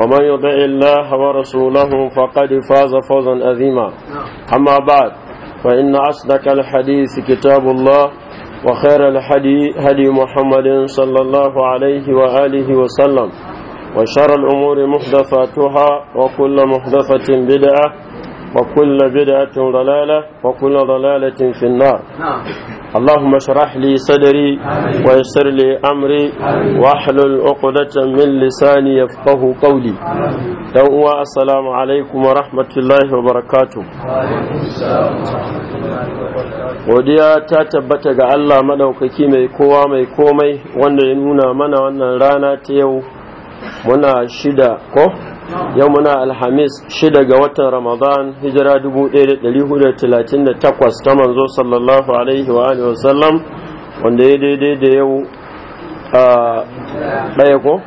ومن يطع الله ورسوله فقد فاز فوزا عظيما أما بعد فإن أصدق الحديث كتاب الله وخير الحدي هدي محمد صلى الله عليه وآله وسلم وشر الأمور محدثاتها وكل محدثة بدعة وكل بدعة ضلالة وكل ضلالة في النار اللهم اشرح لي صدري ويسر لي أمري واحلل عقدة من لساني يفقه قولي لو السلام عليكم ورحمة الله وبركاته godiya ta tabbata ga Allah madaukaki mai kowa mai komai wanda ya nuna mana wannan rana ta yau muna shida ko yau muna alhamis shida ga watan ramadan hijira 1438 ta manzo sallallahu alaihi wa alihi wasallam wanda ya daidai da yau a daya ko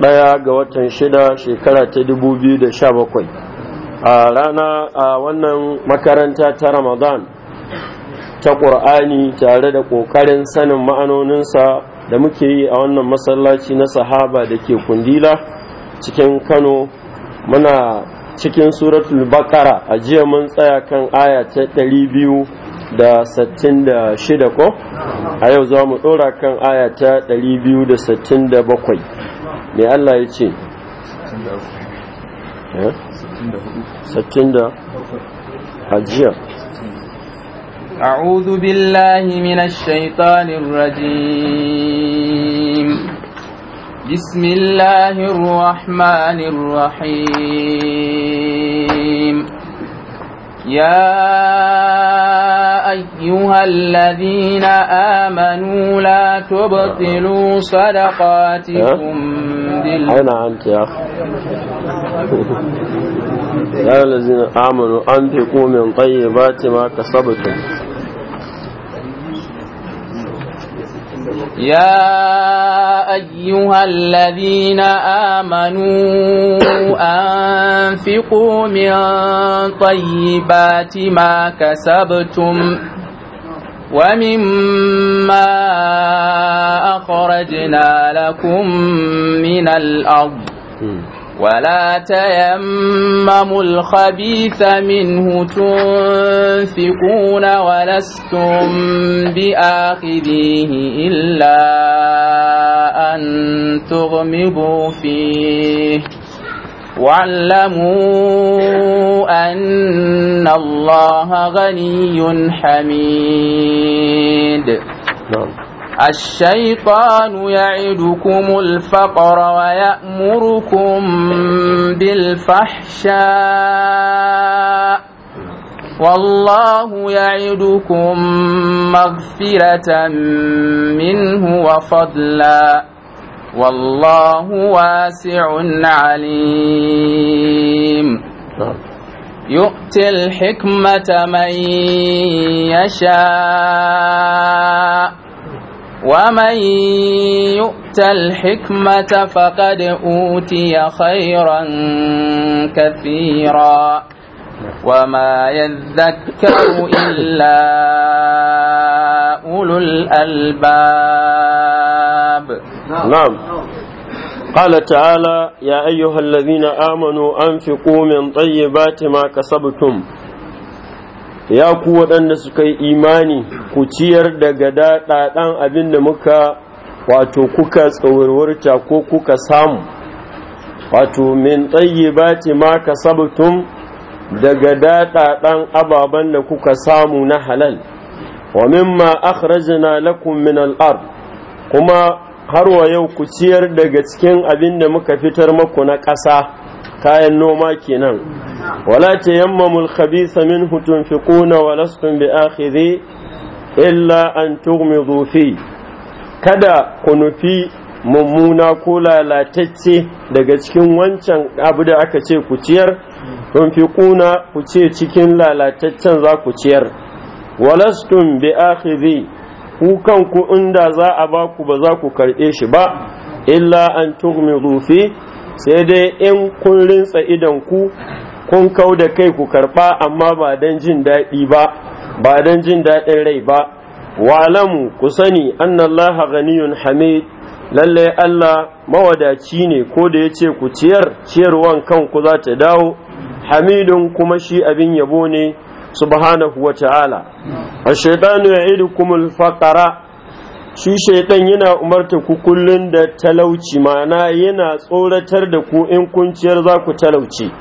daya ga watan shida shekara ta 2017 a rana a wannan makaranta ta ramadan ta ƙur'ani tare da ƙoƙarin sanin ma'anoninsa da muke yi a wannan masallaci na sahaba da ke kundila cikin Kano muna cikin suratul bakara a jiya mun tsaya kan aya ta 266 biyu da sittin da shida ko a yau za mu ɗora kan aya ta 267 biyu da sittin da bakwai me Allah ya ce eh? sittin da ajiya أعوذ بالله من الشيطان الرجيم بسم الله الرحمن الرحيم يا أيها الذين آمنوا لا تبطلوا صدقاتكم بالله أين أنت يا أخي؟ يا الذين آمنوا أنفقوا من طيبات ما كسبتم يا أيها الذين آمنوا أنفقوا من طيبات ما كسبتم ومما أخرجنا لكم من الأرض ولا تيمموا الخبيث منه تنفقون ولستم بآخذيه إلا أن تغمضوا فيه واعلموا أن الله غني حميد نعم. الشيطان يعدكم الفقر ويأمركم بالفحشاء والله يعدكم مغفرة منه وفضلا والله واسع عليم يؤتي الحكمة من يشاء ومن يؤت الحكمة فقد أوتي خيرا كثيرا وما يذكر إلا أولو الألباب نعم قال تعالى يا أيها الذين آمنوا أنفقوا من طيبات ما كسبتم ya ku waɗanda suka yi imani ku ciyar daga daɗaɗan abin da muka wato kuka tsawarwarta ko kuka samu wato min tsaye ce ma ka kasabtum daga daɗaɗan ababen da kuka samu na halal wa mimma akhrajna lakum min al kuma har wa yau ku ciyar daga cikin abin da muka fitar maku na ƙasa kayan noma kenan ولا تيمموا الخبيث منه تنفقون ولستم بآخذي إلا أن تغمضوا فيه kada ku nufi mummuna ko lalatacce daga cikin wancan abu da aka ce ku ciyar don fi kuna ku ce cikin lalataccen za ku ciyar walastun bi akhidhi ku kanku inda za a ba ku ba za ku karɓe shi ba illa an tughmidu fi sai dai in kun rinsa idan ku kun kau da kai ku karɓa amma ba don jin daɗi ba ba don jin daɗin rai ba walamu ku sani annallaha ghaniyun hamid lalle Allah mawadaci ne ko da ya ce ku ciyar ciyarwan kanku za ta dawo hamidun kuma shi abin yabo ne subhanahu wa ta'ala a shaidanu ya idu kumul faƙara shi shaidan yana umarta ku kullun da talauci ma'ana yana tsoratar da ku in kun ciyar za ku talauci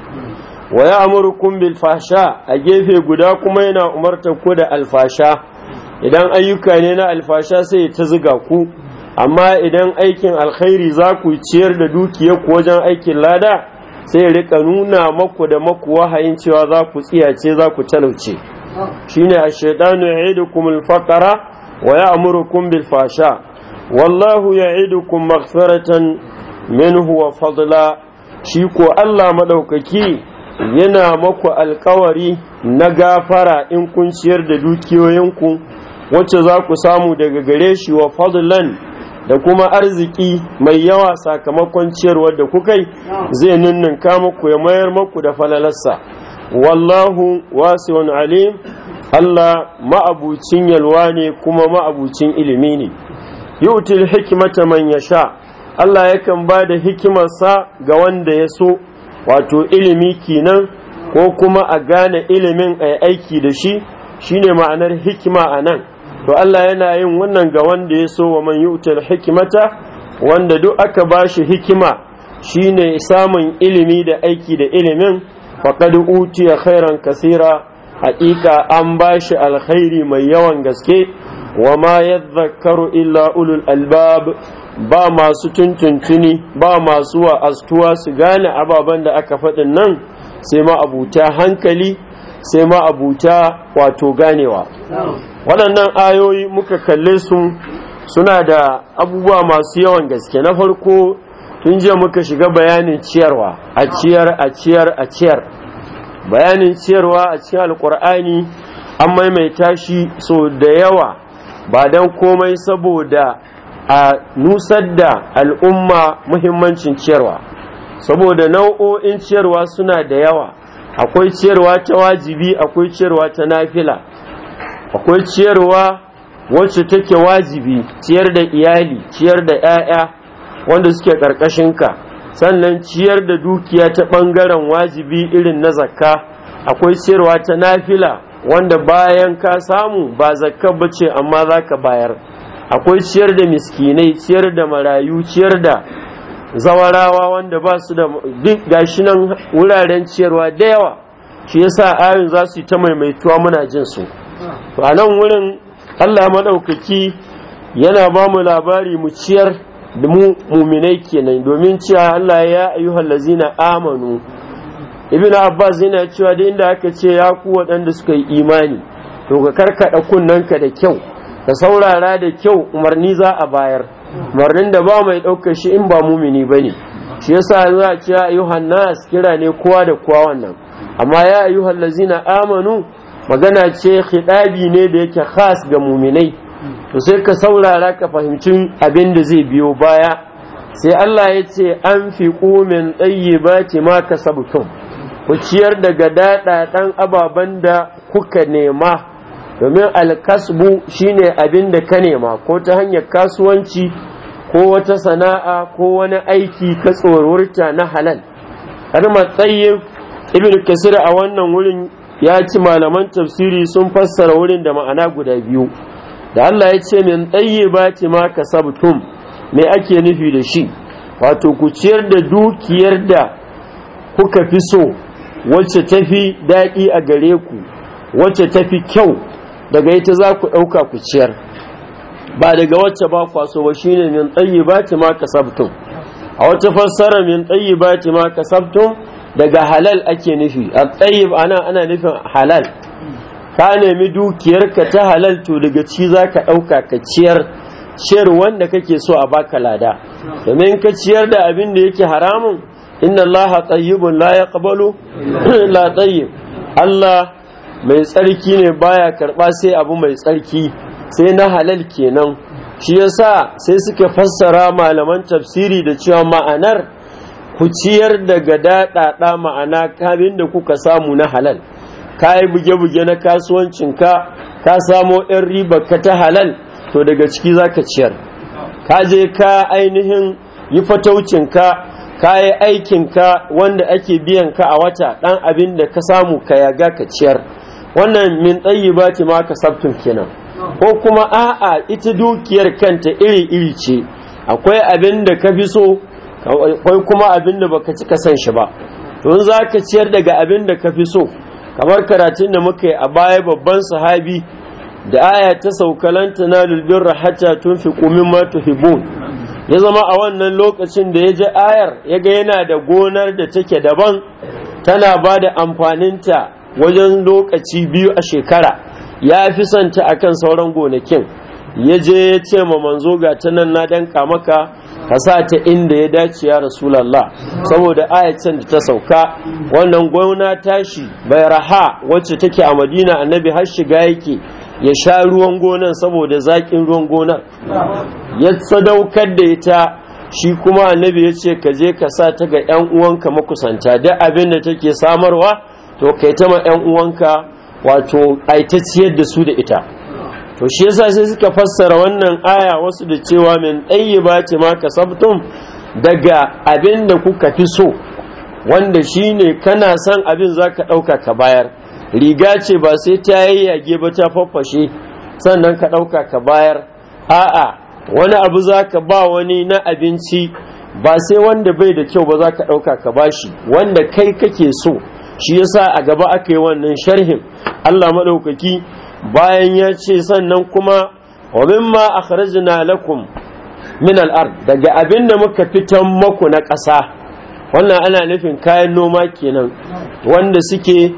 wa ya'murukum bil fahsha a gefe guda kuma yana umarta ku da alfasha idan ayyuka ne na alfasha sai ta ziga ku amma idan aikin alkhairi za ku ciyar da dukiyar ku wajen aikin lada sai rika nuna maku da maku wahayin cewa za ku tsiyace za ku talauce shine ash ya ya'idukum al-faqra wa ya'murukum bil fahsha wallahu ya'idukum maghfiratan minhu wa fadla shi ko Allah maɗaukaki. yana maku alkawari na gafara in kun ciyar da dukiyoyinku wacce za ku samu daga gare shi wa fadlan da kuma arziki mai yawa sakamakon ciyarwar da kuka yi zai ninninka maku ya mayar maku da falalarsa wallahu wasi'un alim Allah ma'abucin yalwa ne kuma ma'abucin ilimi ne yi hikimata man ya sha. Allah yakan ba da hikimarsa ga wanda ya so wato ilimi kenan ko kuma a gane ilimin a aiki da shi shine ma'anar hikima a nan to Allah yana yin wannan ga wanda ya so wa man hikimata wanda duk aka ba shi hikima shine samun ilimi da aiki da ilimin faqad utiya khairan kasira haƙiƙa an ba shi alkhairi mai yawan gaske wa ma yadhakkaru illa ulul albab ba masu tuntuntuni ba masu astuwa su gane ababen da aka faɗin nan sai ma abuta hankali sai ma abuta wato ganewa waɗannan ayoyi muka kalle su suna da abubuwa masu yawan gaske na farko tun jiya muka shiga bayanin ciyarwa a ciyar a ciyar a ciyar bayanin ciyarwa a cikin alkur'ani an maimaita shi sau da yawa ba don komai saboda a nusar da al'umma muhimmancin ciyarwa saboda nau'o'in ciyarwa suna da yawa akwai ciyarwa ta wajibi akwai ciyarwa ta nafila akwai ciyarwa wacce take wajibi ciyar da iyali ciyar da 'ya'ya wanda suke ƙarƙashin ka, sannan ciyar da dukiya ta ɓangaren wajibi irin na zakka akwai ciyarwa ta nafila wanda bayan ka samu ba zakka ba ce amma za ka bayar akwai ciyar da miskinai ciyar da marayu ciyar da zawarawa wanda ba su da duk gashi nan wuraren ciyarwa da yawa shi yasa ayin za su yi ta maimaituwa muna jin su to a nan wurin Allah madaukaki yana ba mu labari mu ciyar da mu muminai kenan domin cewa Allah ya ayyuhal lazina amanu ibn Abbas yana cewa da inda aka ce ya ku waɗanda suka yi imani to ka karkada kunnanka da kyau ka saurara da kyau umarni za a bayar umarnin da ba mai ɗaukar shi in ba mumini ba ne shi ya sa za a ce ayyuhan nas kira ne kowa da kowa wannan amma ya ayyuhan lazina amanu magana ce hidabi ne da yake khas ga muminai to sai ka saurara ka fahimci abin da zai biyo baya sai Allah ya ce an fi min ce ma kasabtum ku ciyar daga daɗaɗan ababen da kuka nema domin alkasbu shine abin da ka nema ko ta hanyar kasuwanci ko wata sana'a ko wani aiki ka tsororta na halal har matsayin ibn kasir a wannan wurin ya ci malaman tafsiri sun fassara wurin da ma'ana guda biyu da Allah ya ce min ki ma kasabtum me ake nufi da shi wato ku ciyar da dukiyar da kuka fi so wacce tafi daɗi a gare ku wacce tafi kyau daga ita za ku ɗauka ku ciyar ba daga wacce ba kwaso ba shine min tsayi ba ma kasabtum a wata fassara min tsayi ba ma kasabtum daga halal ake nufi a tsayi ana ana nufin halal ka nemi dukiyarka ta halal to daga ci za ka ɗauka ka ciyar ciyar wanda kake so a baka lada domin ka ciyar da abin da yake haramun inna allaha tayyibun la yaqbalu la tayyib Allah mai tsarki ne baya karɓa sai abu mai tsarki sai na halal kenan shi yasa sai suka fassara malaman tafsiri da cewa ma'anar ku ciyar daga daɗaɗa ma'ana kamin da kuka samu na halal ka yi buge-buge na kasuwancin ka ka samo 'yan riba ka ta halal to daga ciki za ka ciyar ka je ka ainihin yi fataucin ka yi ka wanda ake biyan ka a wata ɗan abin da ka samu ka yaga ka ciyar wannan min ce ma kasabtum kenan ko kuma a'a ita dukiyar kanta iri iri ce akwai abin da ka fi so akwai kuma abin da baka ci san shi ba to in ka ciyar daga abin da ka fi so kamar karatun da muka yi a baya babban sahabi da aya ta saukalan rahata tun fi tunfiqu mimma tuhibbun ya zama a wannan lokacin da ya ji ayar ya ga yana da gonar da take daban tana ba da amfaninta wajen lokaci biyu a shekara ya fi santa akan sauran gonakin ya je ya ce ma manzo ga ta nan na danka maka ka sa ta inda ya dace ya rasulallah saboda ayatan da ta sauka wannan gona tashi bai raha wacce take a madina annabi har shiga yake ya sha ruwan gonan saboda zaƙin ruwan gonan ya sadaukar da ita shi kuma annabi ya ce ka je ka sa ta ga 'yan uwanka makusanta duk abin da take samarwa to kai ta ma yan uwanka wato ai ta ciyar da su da ita to shi yasa sai suka fassara wannan aya wasu da cewa min ce ma kasabtum daga abin da kuka fi so wanda shine kana son abin zaka ɗauka ka bayar riga ce ba sai ta yayyage ba ta faffashe sannan ka ɗauka ka bayar a'a wani abu zaka ba wani na abinci ba sai wanda bai da kyau ba zaka ɗauka ka bashi wanda kai kake so shi yasa a gaba aka yi wannan sharhin Allah maɗaukaki bayan ya ce sannan kuma wa mimma akhrajna lakum min al-ard daga abin da muka fitan muku na ƙasa wannan ana nufin kayan noma kenan wanda suke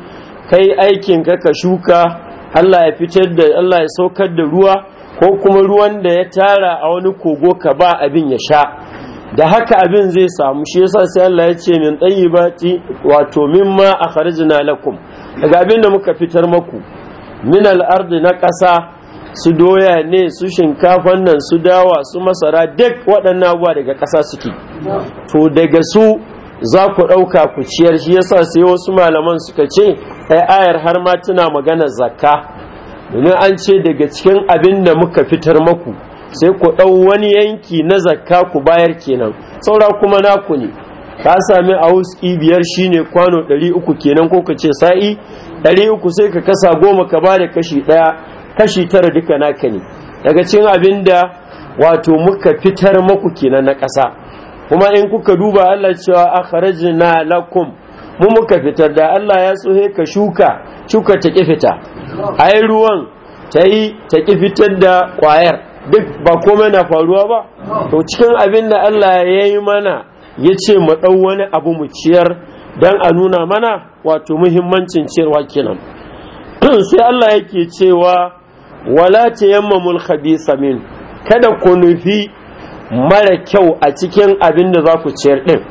kai aikin ka ka shuka Allah ya fitar da Allah ya saukar da ruwa ko kuma ruwan da ya tara a wani kogo ka ba abin ya sha da haka abin zai samu shi yasa sai Allah ya ce min tayyibati wato mimma akhrajna lakum daga abin da muka fitar maku min al-ardi na ƙasa su doya ne su shinkafan nan su dawa su masara duk waɗannan abubuwa daga ƙasa suke to daga su za ku ɗauka ku ciyar shi yasa sai wasu malaman suka ce ai ayar har ma tana magana zakka domin an ce daga cikin abin da muka fitar maku sai ku ɗau wani yanki na zakka ku bayar kenan saura kuma naku ne ka sami a wuski e biyar shine kwano ɗari uku kenan ko ka ce sa'i ɗari uku sai ka kasa goma ka ba da kashi ɗaya kashi tara duka naka ne daga cin abin da wato muka fitar maku kenan na ƙasa kuma in kuka duba Allah cewa na lakum mu muka fitar da Allah ya so ka shuka shuka ta fita ai ruwan ta yi ta fitar da kwayar. duk ba komai na faruwa ba to cikin abin da Allah ya yi mana ya ce mu ɗau wani abu mu ciyar don a nuna mana wato muhimmancin ciyarwa kenan sai Allah yake cewa wala ta yamma khabisa samin, kada ku nufi mara kyau a cikin abin da za ku ciyar ɗin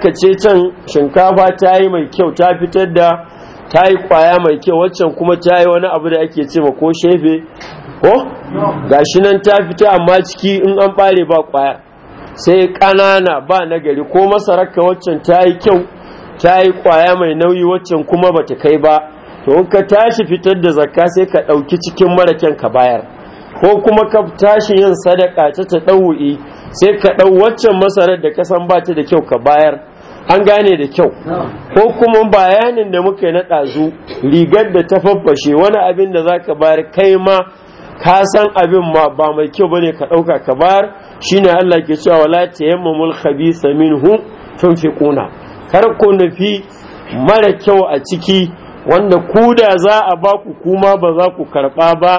ka ce can shinkafa ta yi mai kyau ta fitar da ta yi kwaya mai kyau waccan kuma ta yi wani abu da ake ce ma ko shefe ko gashi nan ta fita amma ciki in an bare ba kwaya sai kanana ba nagari ko masararka waccan ta yi kyau ta yi kwaya mai nauyi waccan kuma ba ta kai ba to in ka tashi fitar da zakka sai ka ɗauki cikin mara ka bayar ko kuma ka tashi yin sadaka ta ta ɗau'i sai ka ɗau waccan masarar da ka san ba ta da kyau ka bayar an gane da kyau ko kuma bayanin da muka yi na ɗazu rigar da ta faffashe wani abin da za ka bayar kai ma ka san abin ma ba mai kyau ne ka ɗauka ka bayar ne Allah ke cewa wala tayammamul tun fi ƙuna. kar ku nufi mara kyau a ciki wanda ku da za a ba ku kuma ba za ku karɓa ba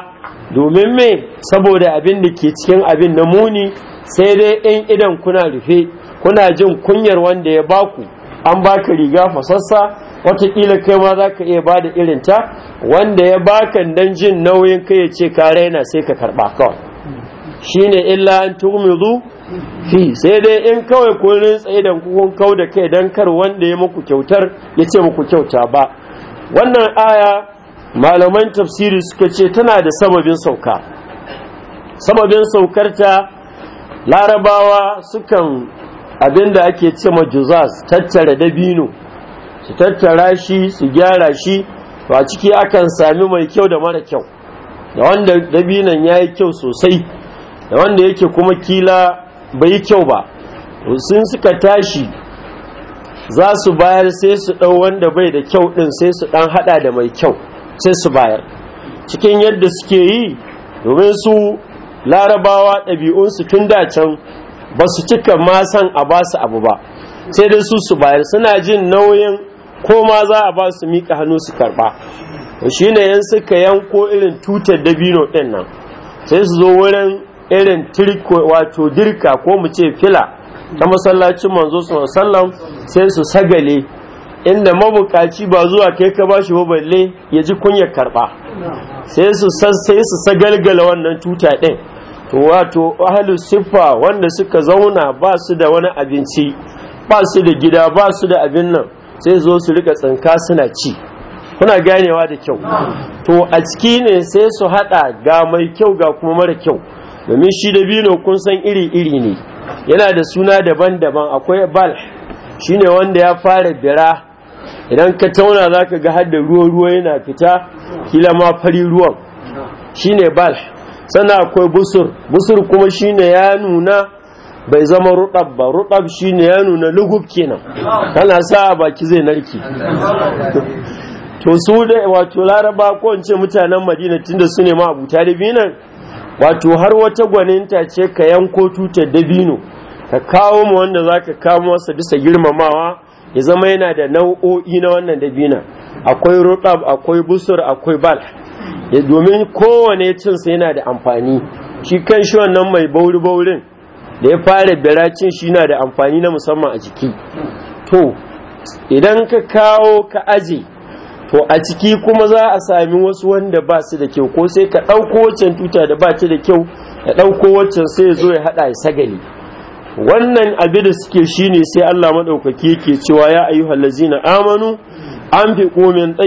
domin mai. saboda abin da ke cikin abin na muni sai dai ɗan idan kuna rufe kuna jin kunyar wanda ya ba ku. an ba ka riga fasassa watakila kai ma za ka iya ba da ta wanda ya baka dan jin nauyin kai ya ce ka raina sai ka karba kawai Shi ne illa an tumizu fi sai dai in kawai kun tsaye da kun kau da kai dan kar wanda ya muku kyautar ya ce muku kyauta ba wannan aya malaman tafsiri suka ce tana da sababin sauka sababin saukarta larabawa sukan abinda ake ce ma juzaz tattara dabino su tattara shi su gyara shi to a ciki akan sami mai kyau da mara kyau da wanda dabinan ya yi kyau sosai da wanda yake kuma kila bai kyau ba sun suka tashi za su bayar sai su ɗau wanda bai da kyau ɗin sai su ɗan haɗa da mai kyau sai su bayar cikin yadda suke yi domin su larabawa su tun da can ba su cika ma san a ba su abu ba sai dai su su bayar suna jin nauyin ko ma za a ba su miƙa hannu su karɓa shi ne yan suka yanko irin tutar dabino ɗin nan sai su zo wurin irin wato dirka ko mu ce fila ta masallacin manzo sallam sai su sagale inda mabukaci ba zuwa kai ka ba shi balle ya ji kunyar karɓa sai su sagalgala wannan tuta ɗin to wato ahalu siffa wanda suka zauna ba su da wani abinci ba su da gida ba su da abin nan sai zo su rika tsinka suna ci kuna ganewa da kyau to a ciki ne sai su hada ga mai kyau ga kuma mara kyau domin shi da dabino kun san iri iri ne yana da suna daban-daban akwai bal shine wanda ya fara bira idan ka tauna za ka ga hada ruwa-ruwa yana fita kila ma fari ruwan shine bal sannan akwai busur busur kuma shine ya nuna bai zama ruɗab ba ruɗab shi ne ya nuna lugub kenan ana sa a baki zai narki to su da wato laraba ko mutanen madina tunda su ne ma abu nan wato har wata gwaninta ce ka yanko tutar dabino ka kawo mu wanda za ka kawo masa bisa girmamawa ya zama yana da nau'o'i na wannan dabina akwai ruɗab akwai busur akwai bal domin kowane cinsa yana da amfani shi kan shi wannan mai bauri-baurin da ya fara biracin shi na da amfani na musamman a jiki to idan ka kawo ka aje to a ciki kuma za a sami wasu wanda ba su da kyau ko sai ka ɗauko waccan tuta da ba ta da kyau ka ɗauko waccan sai ya zo ya haɗa ya sagali wannan abin da suke shi ne sai Allah maɗaukaki yake cewa ya ayyuhal na amanu an fi min ta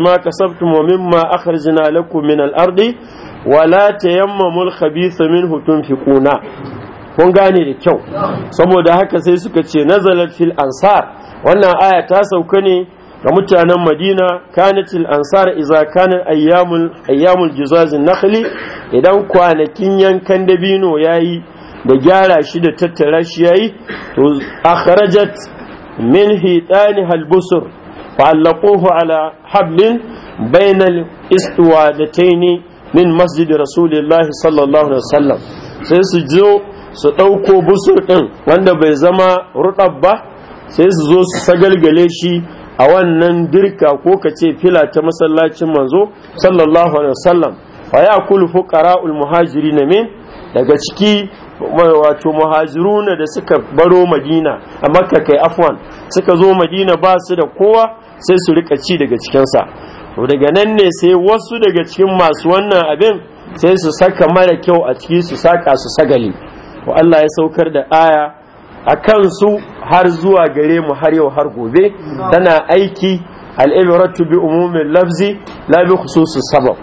ma kasabtum ma mimma akhrajna lakum min ta yamma wa la min hutun fi kuna. kun gane da kyau saboda haka sai suka ce nazalat fil ansar wannan aya ta sauka ne ga mutanen madina kanatil ansar iza kana ayyamul ayyamul juzazin nakhli idan kwanakin yankan dabino yayi da gyara shi da tattara shi yayi to akhrajat min hitani halbusur fa'allaquhu ala hablin bainal istiwadataini min masjid rasulillahi sallallahu alaihi wasallam sai su zo su ɗauko busur ɗin wanda bai zama ruɗab ba sai su zo su sagalgale shi a wannan dirka ko ka ce fila ta masallacin manzo sallallahu alaihi wasallam fa ya kulu fuqara'ul na min daga ciki wato muhajiruna da suka baro madina a makka kai afwan suka zo madina ba su da kowa sai su rika ci daga cikinsa daga nan ne sai wasu daga cikin masu wannan abin sai su saka mara kyau a ciki su saka su sagali wa Allah ya saukar da aya a kansu har zuwa gare mu har yau har gobe tana aiki al'ibiratu bi umumin lafzi la bi sabab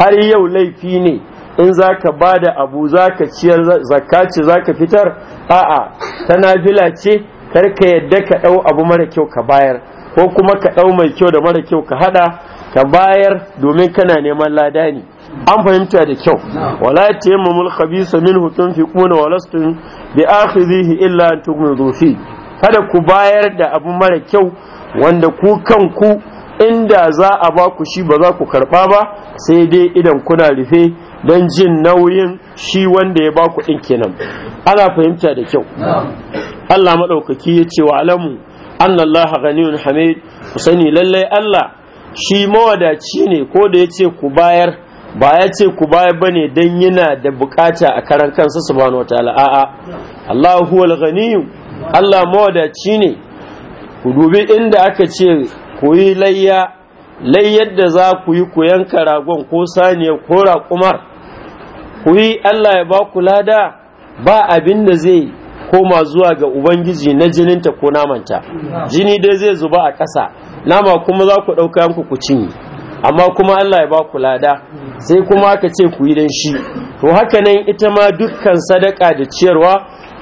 har yau laifi ne in za ka ba da abu za ka ciyar zakka ce za ka fitar a'a tana bila ce kar ka yadda ka ɗau abu mara kyau ka bayar ko kuma ka ɗau mai kyau da mara kyau ka haɗa ka bayar domin kana neman lada ne an fahimta da kyau wala mul khabisa minhu tunfiquna wa lastum bi akhidhihi illa an tughmidu fi kada ku bayar da abu mara kyau wanda ku kanku inda za a ba ku shi ba za ku karba ba sai dai idan kuna rufe don jin nauyin shi wanda ya ba ku din kenan ana fahimta da kyau Allah maɗaukaki ya ce wa alamu an Allah ganiyun hamid ku sani lallai Allah shi mawadaci ne ko da yace ku bayar ba ya ce ku baya ne don yana da bukata a karan kansa subhanahu wataala a'a Allahu huwal ghaniyu Allah mawadaci ne ku dubi inda aka ce ku yi layya layyar da za ku yi ku yanka ragon ko saniya ko raƙumar ku yi Allah ya ba ku lada ba abin da zai koma zuwa ga Ubangiji na jininta ko namanta jini dai zai zuba a ƙasa nama kuma za ku ɗauka yanku ku cinye amma kuma Allah ya ba ku lada sai kuma aka ce ku yi dan shi to haka nan ita ma dukkan sadaka da ciyarwa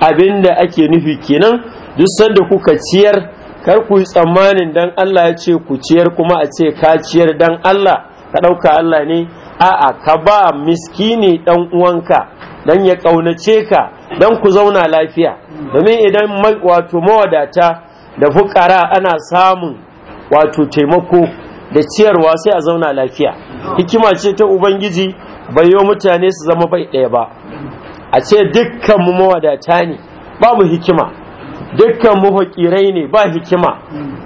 abinda ake nufi kenan duk sanda kuka ciyar kar ku yi tsammanin dan Allah ya ce ku ciyar kuma a ce ka ciyar dan Allah ka ɗauka Allah ne a'a ka ba miskini dan uwanka dan ya kaunace ka dan ku zauna lafiya domin idan wato mawadata da fukara ana samun wato taimako da ciyarwa sai a zauna lafiya hikima ce ta ubangiji bai yi mutane su zama bai ɗaya ba a ce dukkan mu mawadata ne babu hikima dukkan mu hakirai ne ba hikima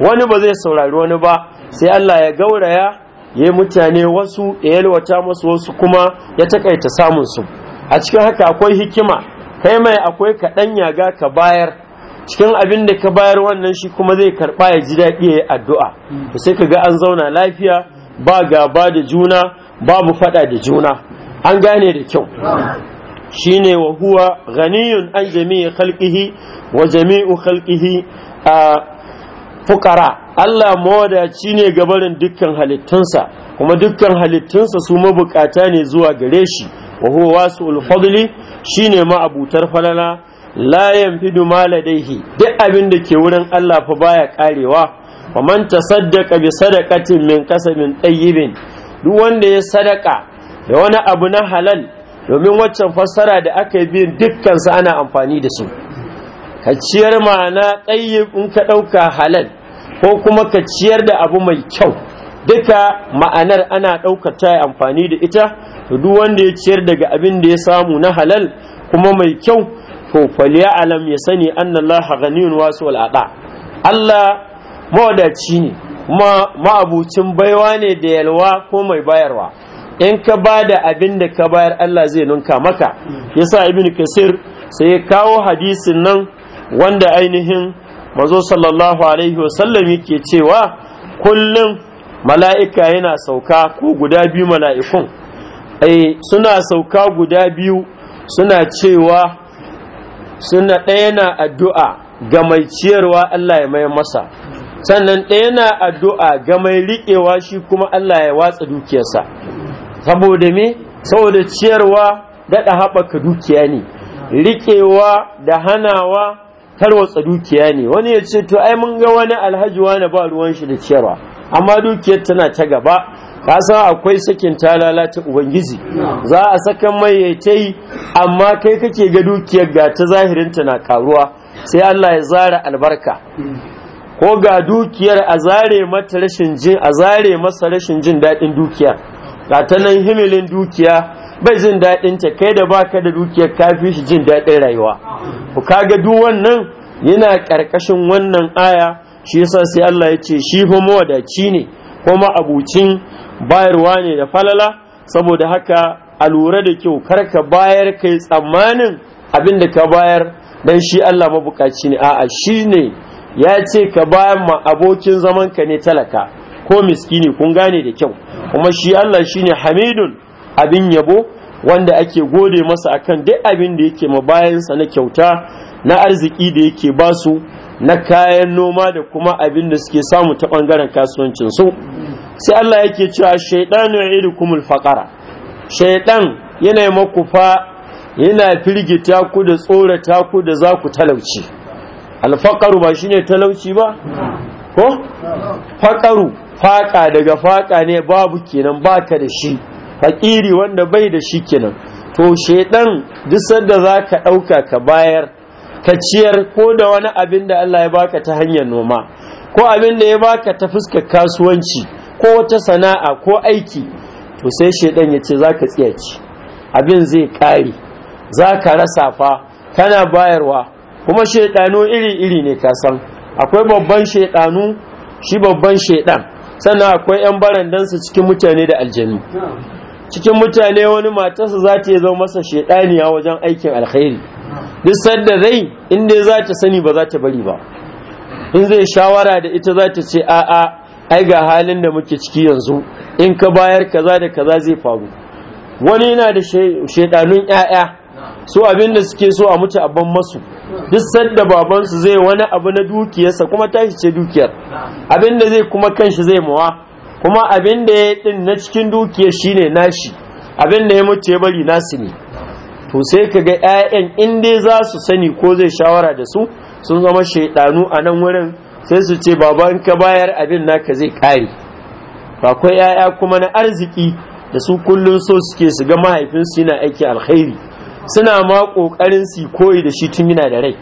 wani ba zai saurari wani ba sai Allah ya gauraya ya yi mutane wasu ya yalwata masu wasu kuma ya taƙaita samun su a cikin haka akwai hikima kai mai akwai kaɗan yaga ka bayar cikin abin da ka bayar wannan shi kuma zai karba ya ji daɗi ya yi addu'a to sai ka ga an zauna lafiya ba gaba da juna babu faɗa da juna an gane da kyau shine wa huwa ghaniyun an jami'i khalqihi wa jami'u khalqihi a fukara Allah mawadaci ne gabarin dukkan halittunsa kuma dukkan halittunsa su mabukata ne zuwa gare shi wa huwa wasu fadli shine ma abutar falala la yanfidu ma ladaihi duk abin da ke wurin Allah fa baya karewa wa man tasaddaqa bi sadaqatin min kasabin tayyibin duk wanda ya sadaka da wani abu na halal domin waccan fassara da aka yi bin dukkan su ana amfani da su ka ciyar ma'ana tayyib in ka dauka halal ko kuma ka ciyar da abu mai kyau duka ma'anar ana ɗaukar ta amfani da ita to duk wanda ya ciyar daga abin da ya samu na halal kuma mai kyau to faliya alam ya sani annallaha ghaniyun wasu wal'ada Allah mawadaci ne ma'abucin baiwa ne da yalwa ko mai bayarwa in ka ba da abin da ka bayar Allah zai nunka maka yasa ibn kasir sai ya kawo hadisin nan wanda ainihin mazo sallallahu alaihi wasallam yake cewa kullum mala'ika yana sauka ko guda biyu mala'ikun eh, suna sauka guda biyu suna cewa suna ɗaya na addu'a ga mai ciyarwa Allah ya mai masa sannan ɗaya na addu'a ga mai riƙewa shi kuma Allah ya watsa dukiyarsa saboda me saboda ciyarwa daɗa haɓaka dukiya ne riƙewa da hanawa tarwatsa dukiya ne wani ya ce to ai mun ga wani alhaji wani ba ruwan shi da ciyarwa amma dukiyar tana ta gaba kasa akwai sakin talala ta ubangiji za a sakan mai ya ta yi amma kai kake ga dukiyar ga ta zahirinta na karuwa sai Allah ya zara albarka ko ga dukiyar a zare mata rashin jin a zare masa rashin jin daɗin dukiya ga ta nan himilin dukiya bai jin daɗin ta kai da baka da dukiyar kafi shi jin daɗin rayuwa ku kaga duk wannan yana ƙarƙashin wannan aya shi yasa sai Allah ya ce shi fa mawadaci ne kuma abucin bayarwa ne da falala saboda haka a lura da kyau karka bayar kai tsammanin abin da ka bayar dan shi Allah mabukaci ne a'a shi ne ya ce ka bayan ma abokin zaman ka ne talaka ko miskini kun gane da kyau kuma shi Allah shi ne hamidun abin yabo wanda ake gode masa akan duk abin da yake ma bayansa na kyauta na arziki da yake basu na kayan noma da kuma abin da suke samu ta ɓangaren kasuwancinsu sai Allah yake cewa shaidan ya iri kumul faƙara shaidan yana yi maku fa yana firgita ku da tsorata ku da za ku talauci alfaƙaru ba shine talauci ba ko faƙaru faƙa daga faƙa ne babu kenan baka da shi faƙiri wanda bai da shi kenan to shaidan duk sanda za ka ɗauka ka bayar ka ciyar ko da wani abin da Allah ya baka ta hanyar noma ko abin da ya baka ta fuskar kasuwanci ko wata sana'a ko aiki to sai shaidan ya ce za ka ci. abin zai ƙare za ka rasa fa kana bayarwa kuma shaidanu iri-iri ne ka san akwai babban shaidanu shi babban shaidan sannan akwai 'yan barandansa cikin mutane da aljanu cikin mutane wani matarsa za ta zama masa shaidaniya wajen aikin alkhairi duk sadda zai inda za ta sani ba za ta bari ba in zai shawara da ita za ta ce a'a ai ga halin da muke ciki yanzu in ka bayar kaza da kaza zai faru wani yana da shaidanun ‘ya'ya su abin da suke so a mutu abban masu duk sanda babansu zai wani abu na dukiyarsa kuma tashi ce dukiyar abin da zai kuma kanshi zai mawa kuma abin da ya din na cikin dukiyar shine nashi abin da ya mutu ya bari nasu ne to sai ka ga ‘ya'yan in dai za su sani ko zai shawara da su sun zama shaidanu a nan wurin sai su ce baba in ka bayar abin naka zai kare akwai yaya kuma na arziki da su kullum so suke su ga mahaifinsu yana aiki alkhairi suna ma kokarin su koyi da shi tun yana da rai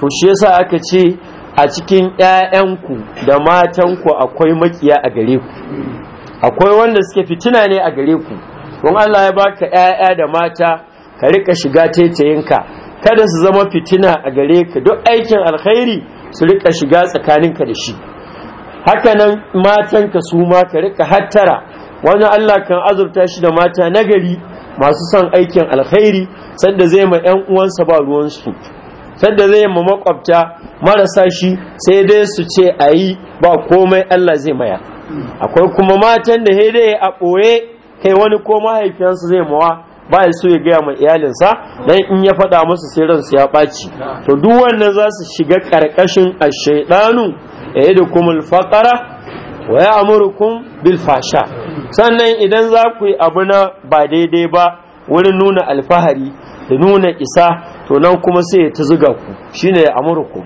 to shi yasa aka ce a cikin ƴaƴanku da matanku akwai makiya a gare ku akwai wanda suke fitina ne a gare ku don Allah ya baka ƴaƴa da mata ka rika shiga taitayinka kada su zama fitina a gare ka duk aikin alkhairi su rika shiga tsakaninka da shi Haka hakanan matanka su ma ka rika hattara wani Allah kan azurta shi da mata nagari masu son aikin alkhairi sanda zai ma 'yan uwansa ba ruwansu sanda zai ma makwabta marasa shi sai dai su ce a yi ba komai Allah zai maya akwai kuma matan da dai a ɓoye kai wani ko mahaifiyansa zai mawa ba ya so ya gaya ma iyalinsa dan in ya faɗa musu sai ransu ya ɓaci to duk wannan za su shiga ƙarƙashin ashaiɗanu ya eh, yi da kuma faƙara wa ya bil fasha sannan idan za ku yi abu na ba daidai ba wurin nuna alfahari da nuna isa to nan kuma sai ya ta zuga ku shine ya amurkum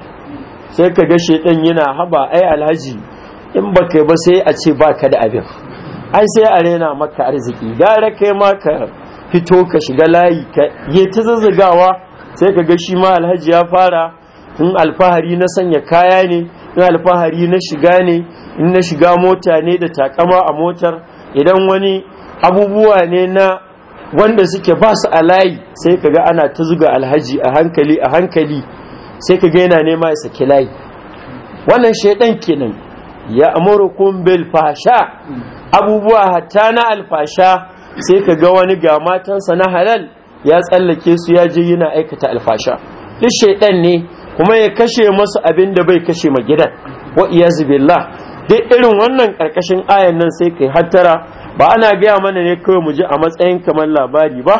sai ka ga shaidan yana haba ai alhaji in baka ba sai a ce baka da abin ai sai a rena maka arziki gara kai maka. fito ka shiga layi ka yi ta zazzagawa sai ka ga shi ma alhaji ya fara in alfahari na sanya kaya ne in alfahari na shiga ne in na shiga mota ne da takama a motar idan wani abubuwa ne na wanda suke ba su a layi sai ka ga ana ta zuga alhaji a hankali a hankali sai ka ga yana nema ya saki layi wannan shaidan kenan ya amurukun bil fasha abubuwa hatta na alfasha sai ka ga wani ga matansa na halal ya tsallake su ya je yana aikata alfasha duk shaidan ne kuma ya kashe masu abin da bai kashe ma gidan wa iyazu duk irin wannan karkashin ayan nan sai kai hattara ba ana gaya mana ne kawai mu ji a matsayin kamar labari ba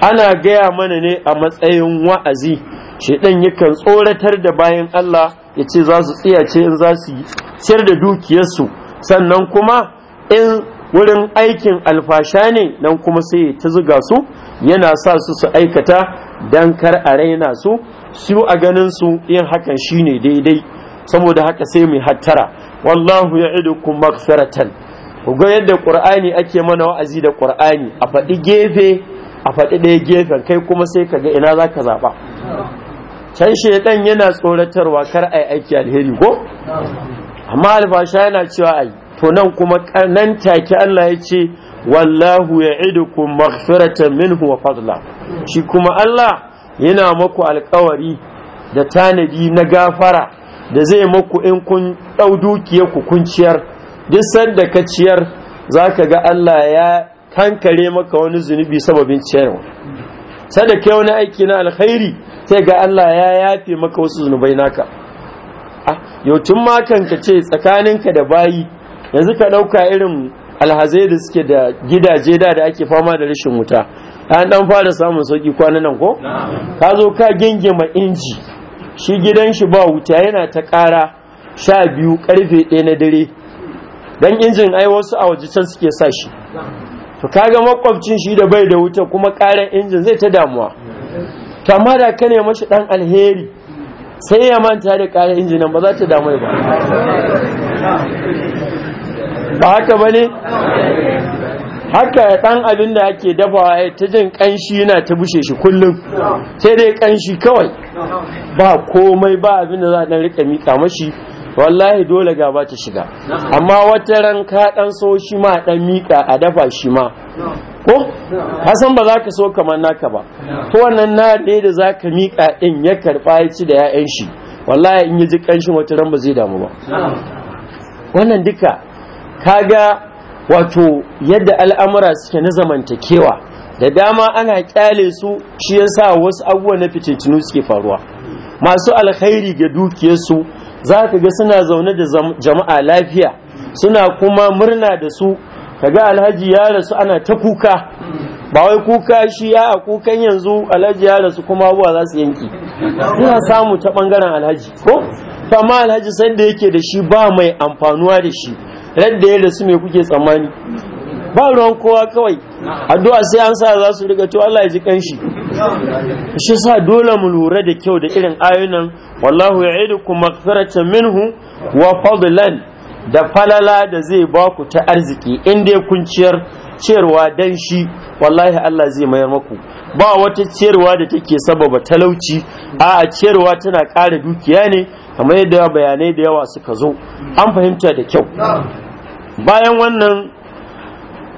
ana gaya mana ne a matsayin wa'azi shaidan yakan tsoratar da bayan Allah ya ce za su tsiyace in za su ciyar da dukiyarsu sannan kuma in wurin aikin alfasha ne nan kuma sai ya ta zuga su yana sa su su aikata dan kar a raina su su a ganin su yin hakan shine daidai saboda haka sai mu hattara wallahu ya ya'idukum maghfiratan ku ga yadda qur'ani ake mana wa'azi da qur'ani a faɗi gefe a faɗi ɗaya gefen kai kuma sai ka ga ina zaka zaɓa can shaidan yana tsoratarwa kar a yi aiki alheri ko amma alfasha yana cewa ai to nan kuma nan take Allah ya ce wallahu ya'idukum maghfiratan minhu wa fadla shi kuma Allah yana maku alkawari da tanadi na gafara da zai maku in kun ɗau dukiyar ku kun ciyar duk sanda ka ciyar zaka ga Allah ya kankare maka wani zunubi sababin ciyarwa sanda kai wani aiki na alkhairi sai ga Allah ya yafe maka wasu zunubai naka ah, yau tun ma kanka ce tsakaninka da bayi yanzu ka ɗauka irin alhazai da suke da gidaje da da ake fama da rashin wuta an dan fara samun sauki kwanan nan ko ka zo ka ma inji shi gidan shi ba wuta yana ta ƙara sha biyu karfe ɗaya na dare dan injin ai wasu a waje can suke sa shi to kaga makwabcin shi da bai da wuta kuma ƙaran injin zai ta damuwa to amma da ka ne mashi dan alheri sai ya manta da ƙaran injin nan ba za ta damu ba ba haka ba ne haka ɗan abin da ake dafawa ya ta jin ƙanshi yana ta bushe shi kullum sai dai ƙanshi kawai ba komai ba abin da za a ɗan rika miƙa mashi wallahi dole ga ba ta shiga amma wata ran ka ɗan so shi ma ɗan miƙa a dafa shi ma ko hasan ba za ka so kamar naka ba to wannan na ɗaya da za ka miƙa ɗin ya karɓa ya ci da 'ya'yan shi wallahi in ya ji ƙanshin wata ran ba zai damu ba wannan duka kaga wato yadda al'amura suke na zamantakewa da dama ana kyale su shi yasa wasu abubuwa na fitintinu suke faruwa masu alkhairi ga dukiyarsu za ka ga suna zaune da jama'a lafiya suna kuma murna da su kaga alhaji ya rasu ana ta kuka ba wai kuka shi ya a kukan yanzu alhaji ya rasu kuma abuwa za su yanki suna samu ta bangaren alhaji ko fama alhaji sanda yake da shi ba mai amfanuwa da shi radda ya rasu me kuke tsammani ba ruwan kowa kawai addu'a sai an sa za su riga to Allah ya ji kanshi shi sa dole mu lura da kyau da irin ayunan wallahu ya'idukum maghfiratan minhu wa fadlan da falala da zai ba ku ta arziki in dai kun ciyar ciyarwa dan shi wallahi Allah zai mayar maku ba wata ciyarwa da take sababa talauci a ciyarwa tana ƙara dukiya ne kamar yadda bayanai da yawa suka zo an fahimta da kyau bayan wannan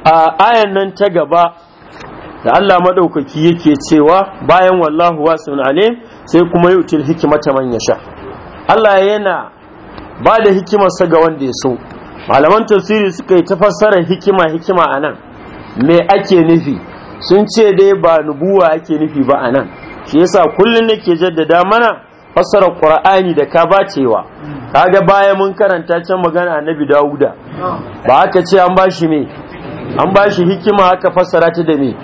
a ayan nan ta gaba da Allah madaukaki yake cewa bayan wallahu wasi'un alim sai kuma yutil hikimata man sha. Allah yana ba da hikimarsa ga wanda ya so malaman tafsiri suka yi ta fassarar hikima hikima a nan me ake nufi sun ce dai ba nubuwa ake nufi ba a nan shi yasa kullum nake jaddada mana fassara qur'ani da ka bacewa hmm. kaga baya mun karanta can magana annabi dawuda hmm. ba aka ce an bashi me an bashi hikima aka fassara ta da me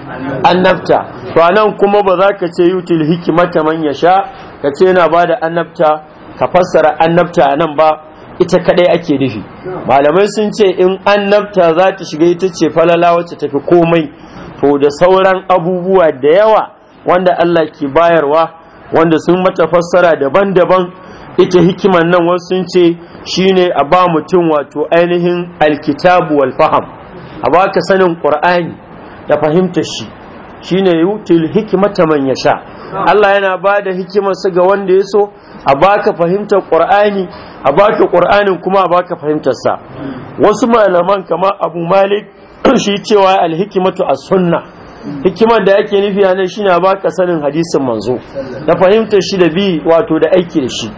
annabta to anan kuma ba za ka ce yutil hikimata man yasha ka ce yana bada annabta ka fassara annabta anan ba ita kadai ake nufi hmm. malamai sun ce in annabta za ta shiga ita ce falala wacce tafi komai to da sauran abubuwa da yawa wanda Allah ke bayarwa wanda sun mata fassara daban-daban ita hikiman nan wasu sun ce shine a ba mutum wato ainihin alkitabu wal faham a baka sanin qur'ani da fahimta shi shine yutil hikimata man sha. Allah yana ba da hikimarsa ga wanda ya so a baka fahimtar qur'ani a baka qur'anin kuma a baka fahimtar sa wasu malaman kama Abu Malik shi cewa alhikimatu a sunna. hikimar da yake nufi a nan shine a baka sanin hadisin manzo da fahimtar shi da bi wato da aiki da shi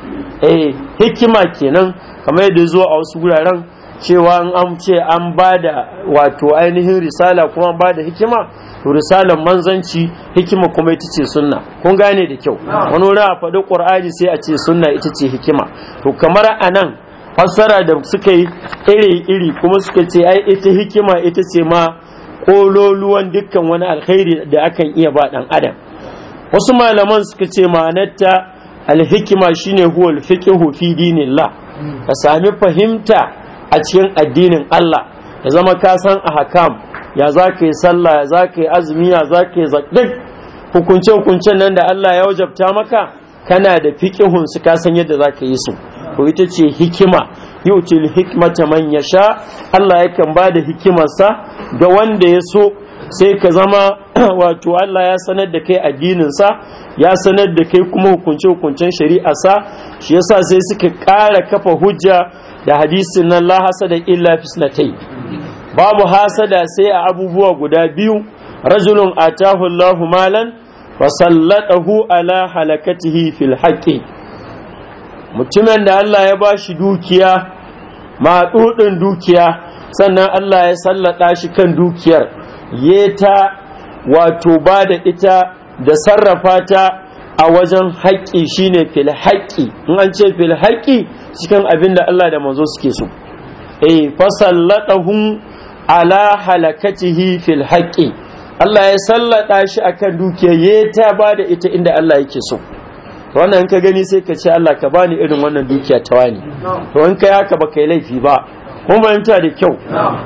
eh hikima kenan kamar yadda zuwa a wasu guraren cewa an an ce an ba da wato ainihin risala kuma ba da hikima to risalar manzanci hikima kuma ita ce sunna kun gane da kyau wani wurin a faɗi ƙur'ani sai a ce sunna ita ce hikima to kamar a nan fassara da suka yi iri-iri kuma suka ce ai ita hikima ita ce ma kololuwan dukkan wani alkhairi da akan iya ba ɗan adam wasu malaman suka ce ma'anarta alhikima shine huwal fiqhu fi dinillah ka sami fahimta a cikin addinin Allah ya zama ka san ahkam ya za yi sallah ya za ka azumi ya za ka yi hukunce hukuncen nan da Allah ya wajabta maka kana da fiqhun su ka san yadda za ka yi su ko ita ce hikima yuti hikmata man yasha Allah yakan ba da hikimarsa ga wanda ya so sai ka zama wato Allah ya sanar da kai addininsa ya sanar da kai kuma hukunce hukuncen shari'arsa shi yasa sai suka ƙara kafa hujja da hadisin nan la hasada illa fisnatai babu hasada sai a abubuwa guda biyu rajulun atahu Allahu malan wa sallatahu ala halakatihi fil haqqi mutumin da Allah ya bashi dukiya matsudin dukiya sannan Allah ya sallada shi kan dukiyar ya ta wato ba da ita da sarrafa ta a wajen haƙƙi shine fil haƙƙi in an ce fil haƙƙi cikin abin da Allah da manzo suke so eh fasallatahum ala halakatihi fil haƙƙi Allah ya sallada shi akan dukiyar ya ta ba da ita inda Allah yake so to wannan ka gani sai ka ce Allah ka bani irin wannan dukiya ta wani to in ka yaka baka yi laifi ba kun fahimta da kyau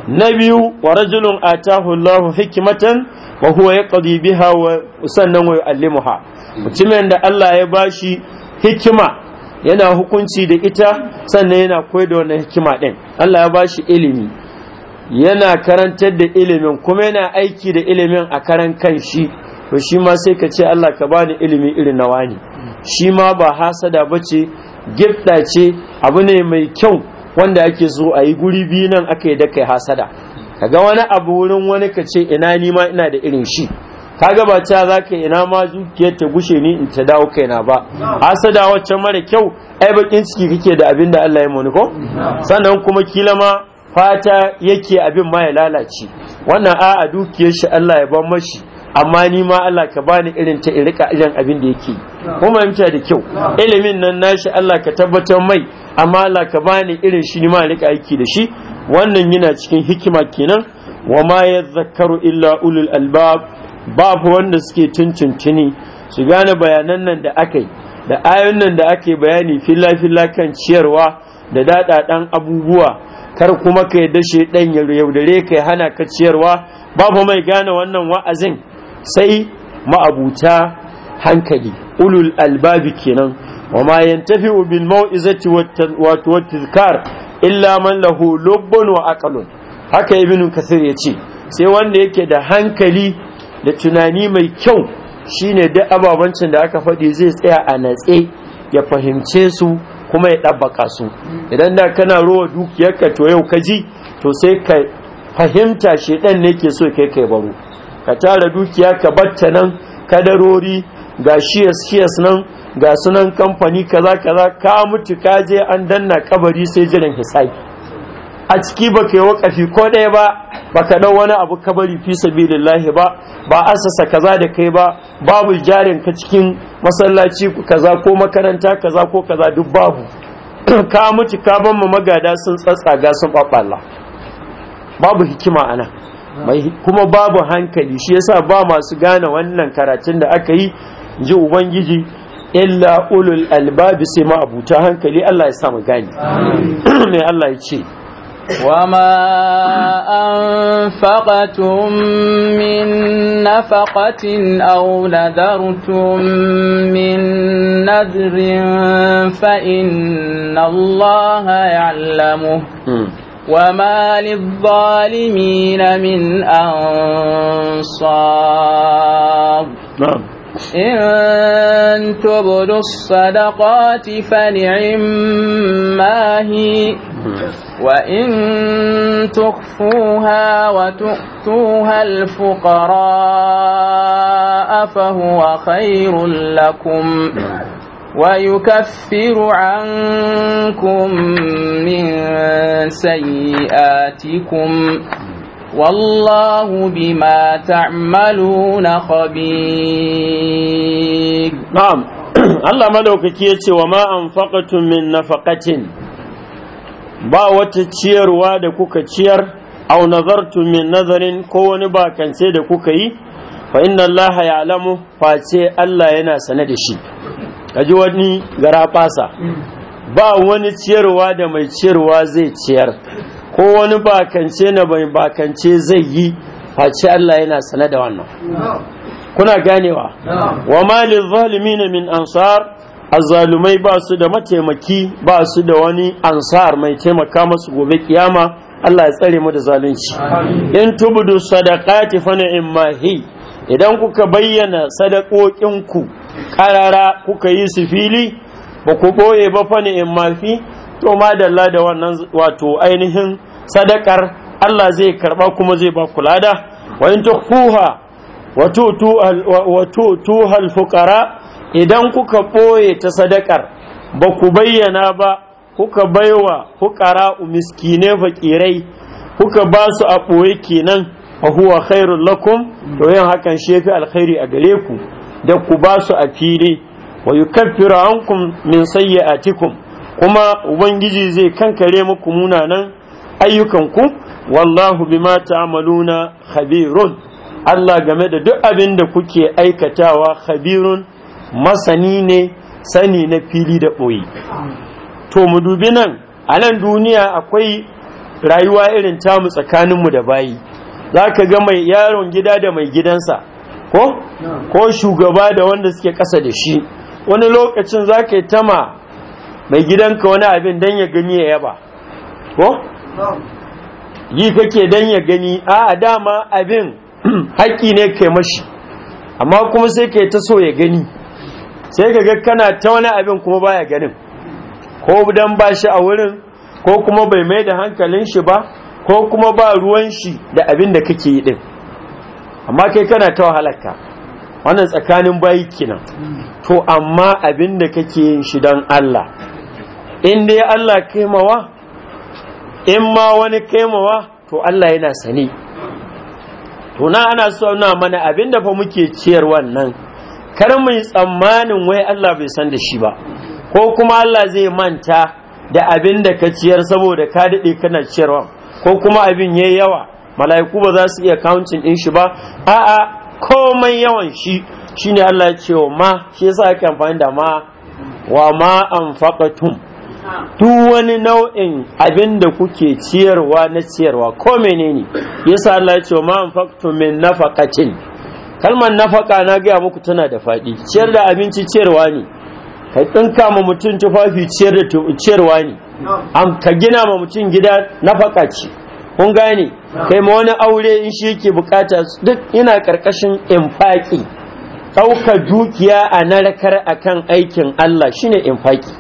na biyu wa rajulun atahu Allahu hikmatan wa huwa yaqdi biha wa sannan wa yu'allimuha mutumin da Allah ya bashi hikima yana hukunci da ita sannan yana koyar da wannan hikima din Allah ya bashi ilimi yana karantar da ilimin kuma yana aiki da ilimin a karan kanshi, to shi ma sai ka ce Allah ka bani ilimi irin na wani shi ma ba hasada ba ce gifta ce abu ne mai kyau wanda ake so a yi guri biyu nan aka yi da kai hasada kaga wani abu wurin wani ka ce ina ni ma ina da irin shi kaga ba ta za ka ina ma zuciyar ta gushe ni in ta dawo kaina ba hasada wacce mara kyau ai bakin ciki kake da abin da Allah ya muni ko sannan kuma kila ma fata yake abin ma ya lalace wannan a'a dukiyar shi Allah ya ban mashi amma ni ma Allah ka bani irin ta in irin abin da yake kuma fahimta da kyau ilimin nan nashi Allah ka tabbatar mai amma Allah ka bani irin shi ni ma rika aiki da shi wannan yana cikin hikima kenan wa ma yadhakkaru illa ulul albab babu wanda suke tuntuntuni su gane bayanan nan da aka yi da ayoyin nan da ake bayani filla filla kan ciyarwa da daɗaɗan abubuwa kar kuma ka dashe shaidan ya yaudare ka hana ka ciyarwa babu mai gane wannan wa'azin sai ma'abuta hankali ulul albabi kenan wa ma yantafi'u bil mau'izati wa tadhkar illa man lahu lubbun wa aqlun haka ibnu kasir yace sai wanda yake da hankali da tunani mai kyau shine duk ababancin da aka faɗi zai tsaya a natse ya fahimce su kuma ya ɗabbaka su idan da kana rowa dukiyarka to yau ka ji to sai ka fahimta shedan ne ke so kai kai baro ka tara dukiya ka batta nan kadarori ga shiyas shiyas nan ga sunan kamfani kaza kaza ka mutu ka je an danna kabari sai jiran hisabi a ciki ba ka yi wakafi ko ɗaya ba ba ka ɗau wani abu kabari fi sabilillahi ba ba asasa kaza da kai ba babu jarin ka cikin masallaci kaza ko makaranta kaza ko kaza duk babu ka mutu ka ban ma magada sun tsatsa ga sun ɓaɓɓalla babu hikima a kuma babu hankali shi yasa ba masu gane wannan karatun da aka yi ji ubangiji illa ulul albabi sai ma abuta hankali Allah ya samu gani ne Allah ya ce وما أنفقتم من نفقة أو نذرتم من نذر فإن الله يعلمه وما للظالمين من أنصار نعم إن تبدوا الصدقات ما هي نعم. وإن تخفوها وتؤتوها الفقراء فهو خير لكم نعم. ويكفر عنكم من سيئاتكم والله بما تعملون خبير نعم الله ملوكك يتي وما أنفقتم من نفقة ba wata ciyarwa da kuka ciyar au nazartu min nazarin ko wani bakance da kuka yi fa inna ya face Allah yana sane da shi ka ji wani gara fasa hmm. ba wani ciyarwa da mai ciyarwa zai ciyar ko wani bakance na mai bakance zai yi face Allah yana sane da wannan kuna ganewa wa malin na min ansar azzalumai ba su da mataimaki ba su da wani ansar mai taimaka masu gobe kiyama Allah ya tsare mu da zalunci in tubudu sadaqati fa mahi idan kuka bayyana ku. ƙarara kuka yi su fili ba ku ɓoye ba fa in mafi to ma dalla da wannan wato ainihin sadakar Allah zai karɓa kuma zai ba ku lada wa in tukfuha wa tutuha al idan kuka ɓoye ta sadakar ba ku bayyana ba kuka baiwa fuqara miskine fakirai kuka ba su a ɓoye kenan wa huwa khairul lakum to yin hakan shefi alkhairi a gare ku da ku ba su a fili wa yukaffiru ankum min sayyi'atikum kuma ubangiji zai kankare muku munanan ayyukanku wallahu bima ta'maluna khabirun Allah game da duk abin da kuke aikatawa khabirun masani ne sani na fili da ɓoye to mu dubi nan a nan duniya akwai rayuwa irin tamu tsakaninmu da bayi za ka ga mai yaron gida da mai gidansa ko ko shugaba da wanda suke kasa da shi wani lokacin za ka yi tama mai gidanka wani abin don ya gani ya yaba ko yi kake don ya gani a dama abin haƙƙi ne kai mashi amma kuma sai ka ta so ya gani sai ka ga kana ta wani abin kuma baya ganin ko don ba shi a wurin ko kuma bai mai da hankalin shi ba ko kuma ba ruwan shi da abin da kake yi din amma kai kana ta wahalarka wannan tsakanin bayi kenan to amma abin da kake yin shi don Allah in dai Allah kaimawa in ma wani kaimawa to Allah yana sani to na ana so na mana abin da fa muke ciyar wannan kar mu yi tsammanin wai Allah bai san da shi ba ko kuma Allah zai manta da abin da ka ciyar saboda ka daɗe kana ciyarwa ko kuma abin yayi yawa mala'iku ba za su iya kauncin din shi ba a'a komai yawan shi shine Allah ya ce wa ma shi yasa ake amfani da ma wa ma anfaqatum duk wani nau'in abin da kuke ciyarwa na ciyarwa ko menene yasa Allah ya ce wa ma anfaqtum min nafaqatin kalmar nafaka na gaya muku tana da faɗi ciyar da abinci ciyarwa ne ka tsinka ma mutum tufafi ciyar da ciyarwa ne ka gina ma mutum gida nafaka ce kun gane kai ma wani aure in shi yake bukata duk yana karkashin infaki ɗaukar dukiya a narakar akan aikin Allah shine infaki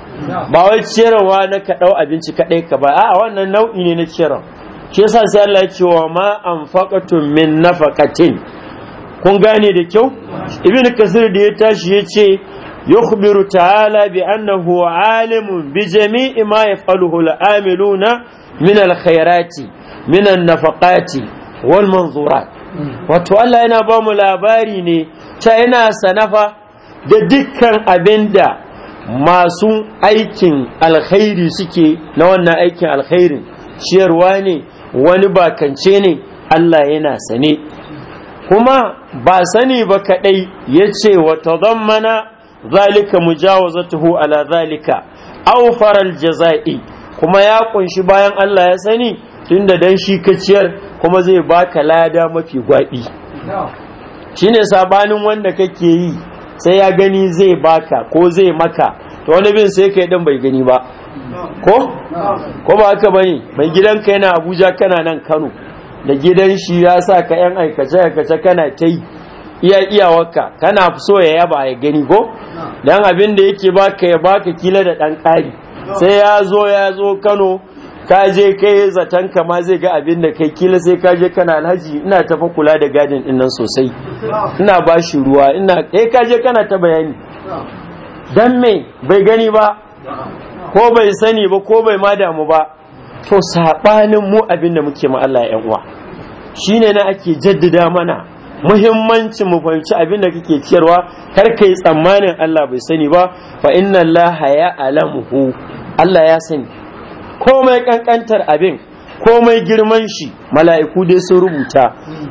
ba wai ciyarwa na ka ɗau abinci kaɗai ka ba a wannan nau'i ne na ciyarwa shi yasa sai Allah ya ce wa ma anfaqatum min nafaqatin kun gane da kyau ibn kasir da ya tashi ya ce yukhbiru ta'ala bi annahu alimun bi jami'i ma yaf'aluhu na amiluna min al-khairati minan nafaƙati, wal wato Allah yana ba mu labari ne ta yana sanafa da dukkan abinda masu aikin alkhairi suke na wannan aikin alkhairin ciyarwa ne wani bakance ne Allah yana sane kuma ba sani ba kadai yace wa tadammana zalika mujawazatuhu ala zalika faral jaza'i, kuma ya kunshi bayan Allah ya sani tunda dan shi kaciyar kuma zai baka lada mafi gwaɓi shine sabanin wanda kake yi sai ya gani zai baka ko zai maka to wani bin sai kai dan bai gani ba ko ko ba haka bane mai gidan ka yana Abuja kana nan Kano da gidan shi ya sa ka yan aikace aikace kana ta yi iya iyawarka kana so ya yaba ya gani ko dan abin da yake baka ya baka kila da ɗan ƙari sai ya zo ya zo Kano ka je kai zaton kama zai ga abin da kai kila sai ka je kana alhaji ina tafa kula da gadin din nan sosai ina ba shi ruwa ina eh ka je kana ta bayani dan me bai gani ba ko bai sani ba ko bai ma damu ba to sabanin mu abin da muke ma Allah ya uwa shine na ake jaddada mana muhimmancin mu fahimci abin da kake ciyarwa kar kai tsammanin Allah bai sani ba fa inna Allah ya alamu Allah ya sani komai kankantar abin komai girman shi mala'iku dai sun rubuta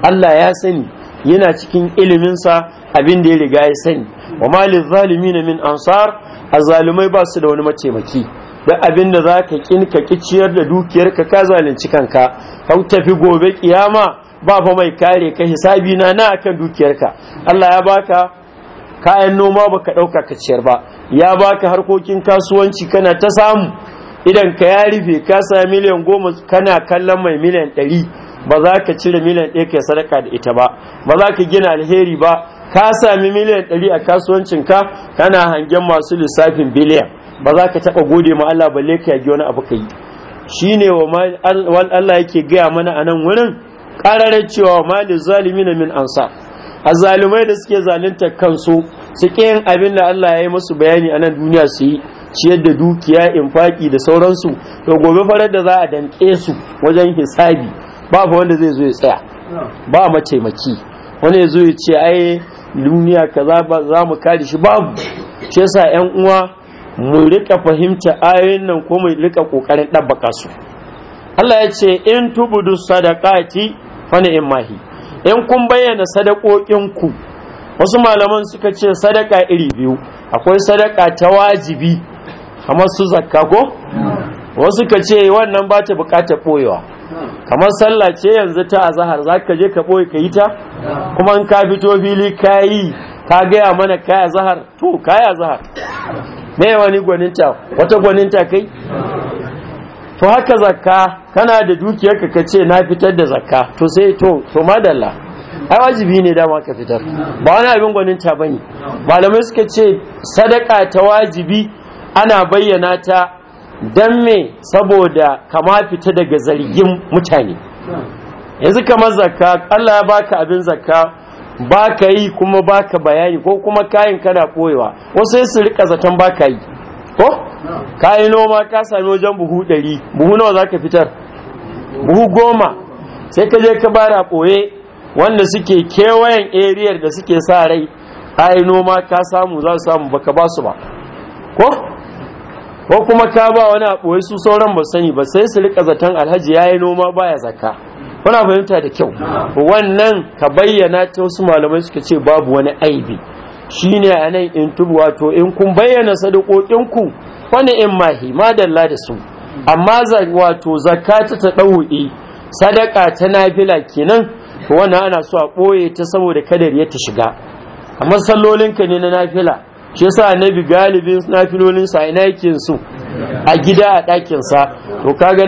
Allah ya sani yana cikin iliminsa abin da ya riga ya sani wa malin zalimi na min ansar a zalumai ba su da wani mataimaki da abin da za ka kin ka kiciyar da dukiyar ka ka zalunci kanka ka tafi gobe kiyama ba fa mai kare ka hisabi na na akan dukiyarka Allah ya baka kayan noma baka ɗauka ka ciyar ba ya baka harkokin kasuwanci kana ta samu idan ka ya rufe ka sa miliyan goma kana kallon mai miliyan ɗari ba za ka cire miliyan ɗaya kai sadaka da ita ba ba za ka gina alheri ba ka sami miliyan ɗari a kasuwancinka kana hangen masu lissafin biliyan ba za ka taɓa gode ma Allah balle ka yage wani abu kai shi ne wa Allah yake gaya mana a nan wurin ƙararar cewa mali na min ansa azzalumai da suke zalunta kansu su yin abin da Allah ya yi musu bayani a nan duniya su yi ciyar da dukiya infaki da sauransu to gobe farar da za a danƙe su wajen hisabi ba fa wanda zai zo ya tsaya ba mataimaki wani ya zo ya ce ai duniya kaza ba za mu kare shi babu shi yasa 'yan uwa mu rika fahimta ayoyin nan ko mu rika kokarin ɗabbaka su Allah ya ce in tubudu sadaqati fa ni'mahi in kun bayyana sadakokinku wasu malaman suka ce sadaka iri biyu akwai sadaka ta wajibi kamar su zakka ko wasu ka ce wannan ba ta bukata boyewa kamar sallah ce yanzu ta azahar za ka je ka boye ka yi ta kuma in ka fito fili ka yi ka gaya mana kaya zahar to kaya zahar me wani gwaninta wata gwaninta kai to haka zakka kana da dukiyarka ka ce na fitar da zakka to sai to to madalla ai wajibi ne dama ka fitar ba wani abin gwanin ta bane malamai suka ce sadaka ta wajibi ana bayyana ta dan me saboda kama fita daga zargin mutane yanzu kamar zakka Allah ya baka abin zakka baka yi kuma baka bayani ko kuma kayan kana koyewa wasu sai su rika zaton baka yi ko ka yi noma ka sami wajen buhu ɗari buhu nawa za ka fitar buhu goma sai ka je ka bara ɓoye wanda suke kewayen eriyar da suke sa rai ka yi noma ka samu za su samu baka ba su ba ko ko kuma ka ba wani a ɓoye su sauran ba sani ba sai su rika zaton alhaji ya yi noma baya zaka kuna fahimta da kyau wannan ka bayyana ta wasu malamai suka ce babu wani aibi shine anan in tubu wato in kun bayyana sadakokinku wani in mahi madalla da su amma wato zakata ta ɗau'i sadaka ta nafila kenan to ana so a ɓoye ta saboda kadar ya ta shiga amma ka ne na nafila shi yasa annabi galibin nafilolin sa ina yake su a gida a ɗakin sa to kaga